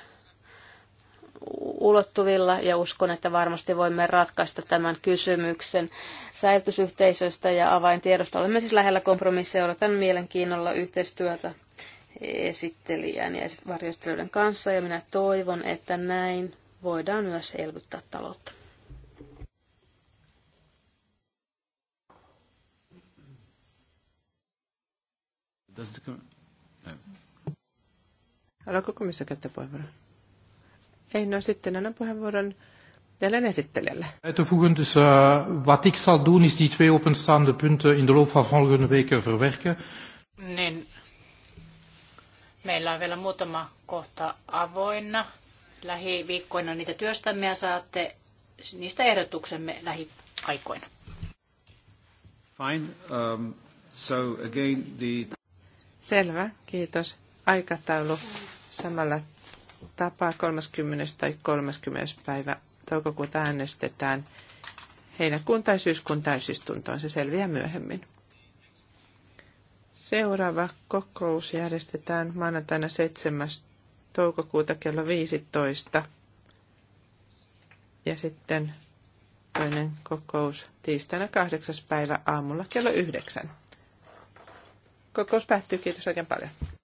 ulottuvilla ja uskon, että varmasti voimme ratkaista tämän kysymyksen säilytysyhteisöstä ja avaintiedosta. Olemme siis lähellä kompromisseja. Odotan mielenkiinnolla yhteistyötä esittelijän ja varjostelijoiden kanssa ja minä toivon, että näin voidaan myös elvyttää taloutta. Does the... no. Haluatko komissio käyttää puheenvuoron? Ei, no sitten annan puheenvuoron jälleen esittelijälle. Toevoegend eh, wat ik zal doen is die twee openstaande punten in de loop van volgende weken verwerken. Niin. Meillä on vielä muutama kohta avoinna. Lähiviikkoina niitä työstämme ja saatte niistä ehdotuksemme lähiaikoina. Fine. Um, so again the... Selvä, kiitos. Aikataulu samalla tapaa 30. tai 30. päivä toukokuuta äänestetään heinäkuun tai syyskuun täysistuntoon. Se selviää myöhemmin. Seuraava kokous järjestetään maanantaina 7. toukokuuta kello 15. Ja sitten toinen kokous tiistaina 8. päivä aamulla kello 9. Kokous päättyy. Kiitos oikein paljon.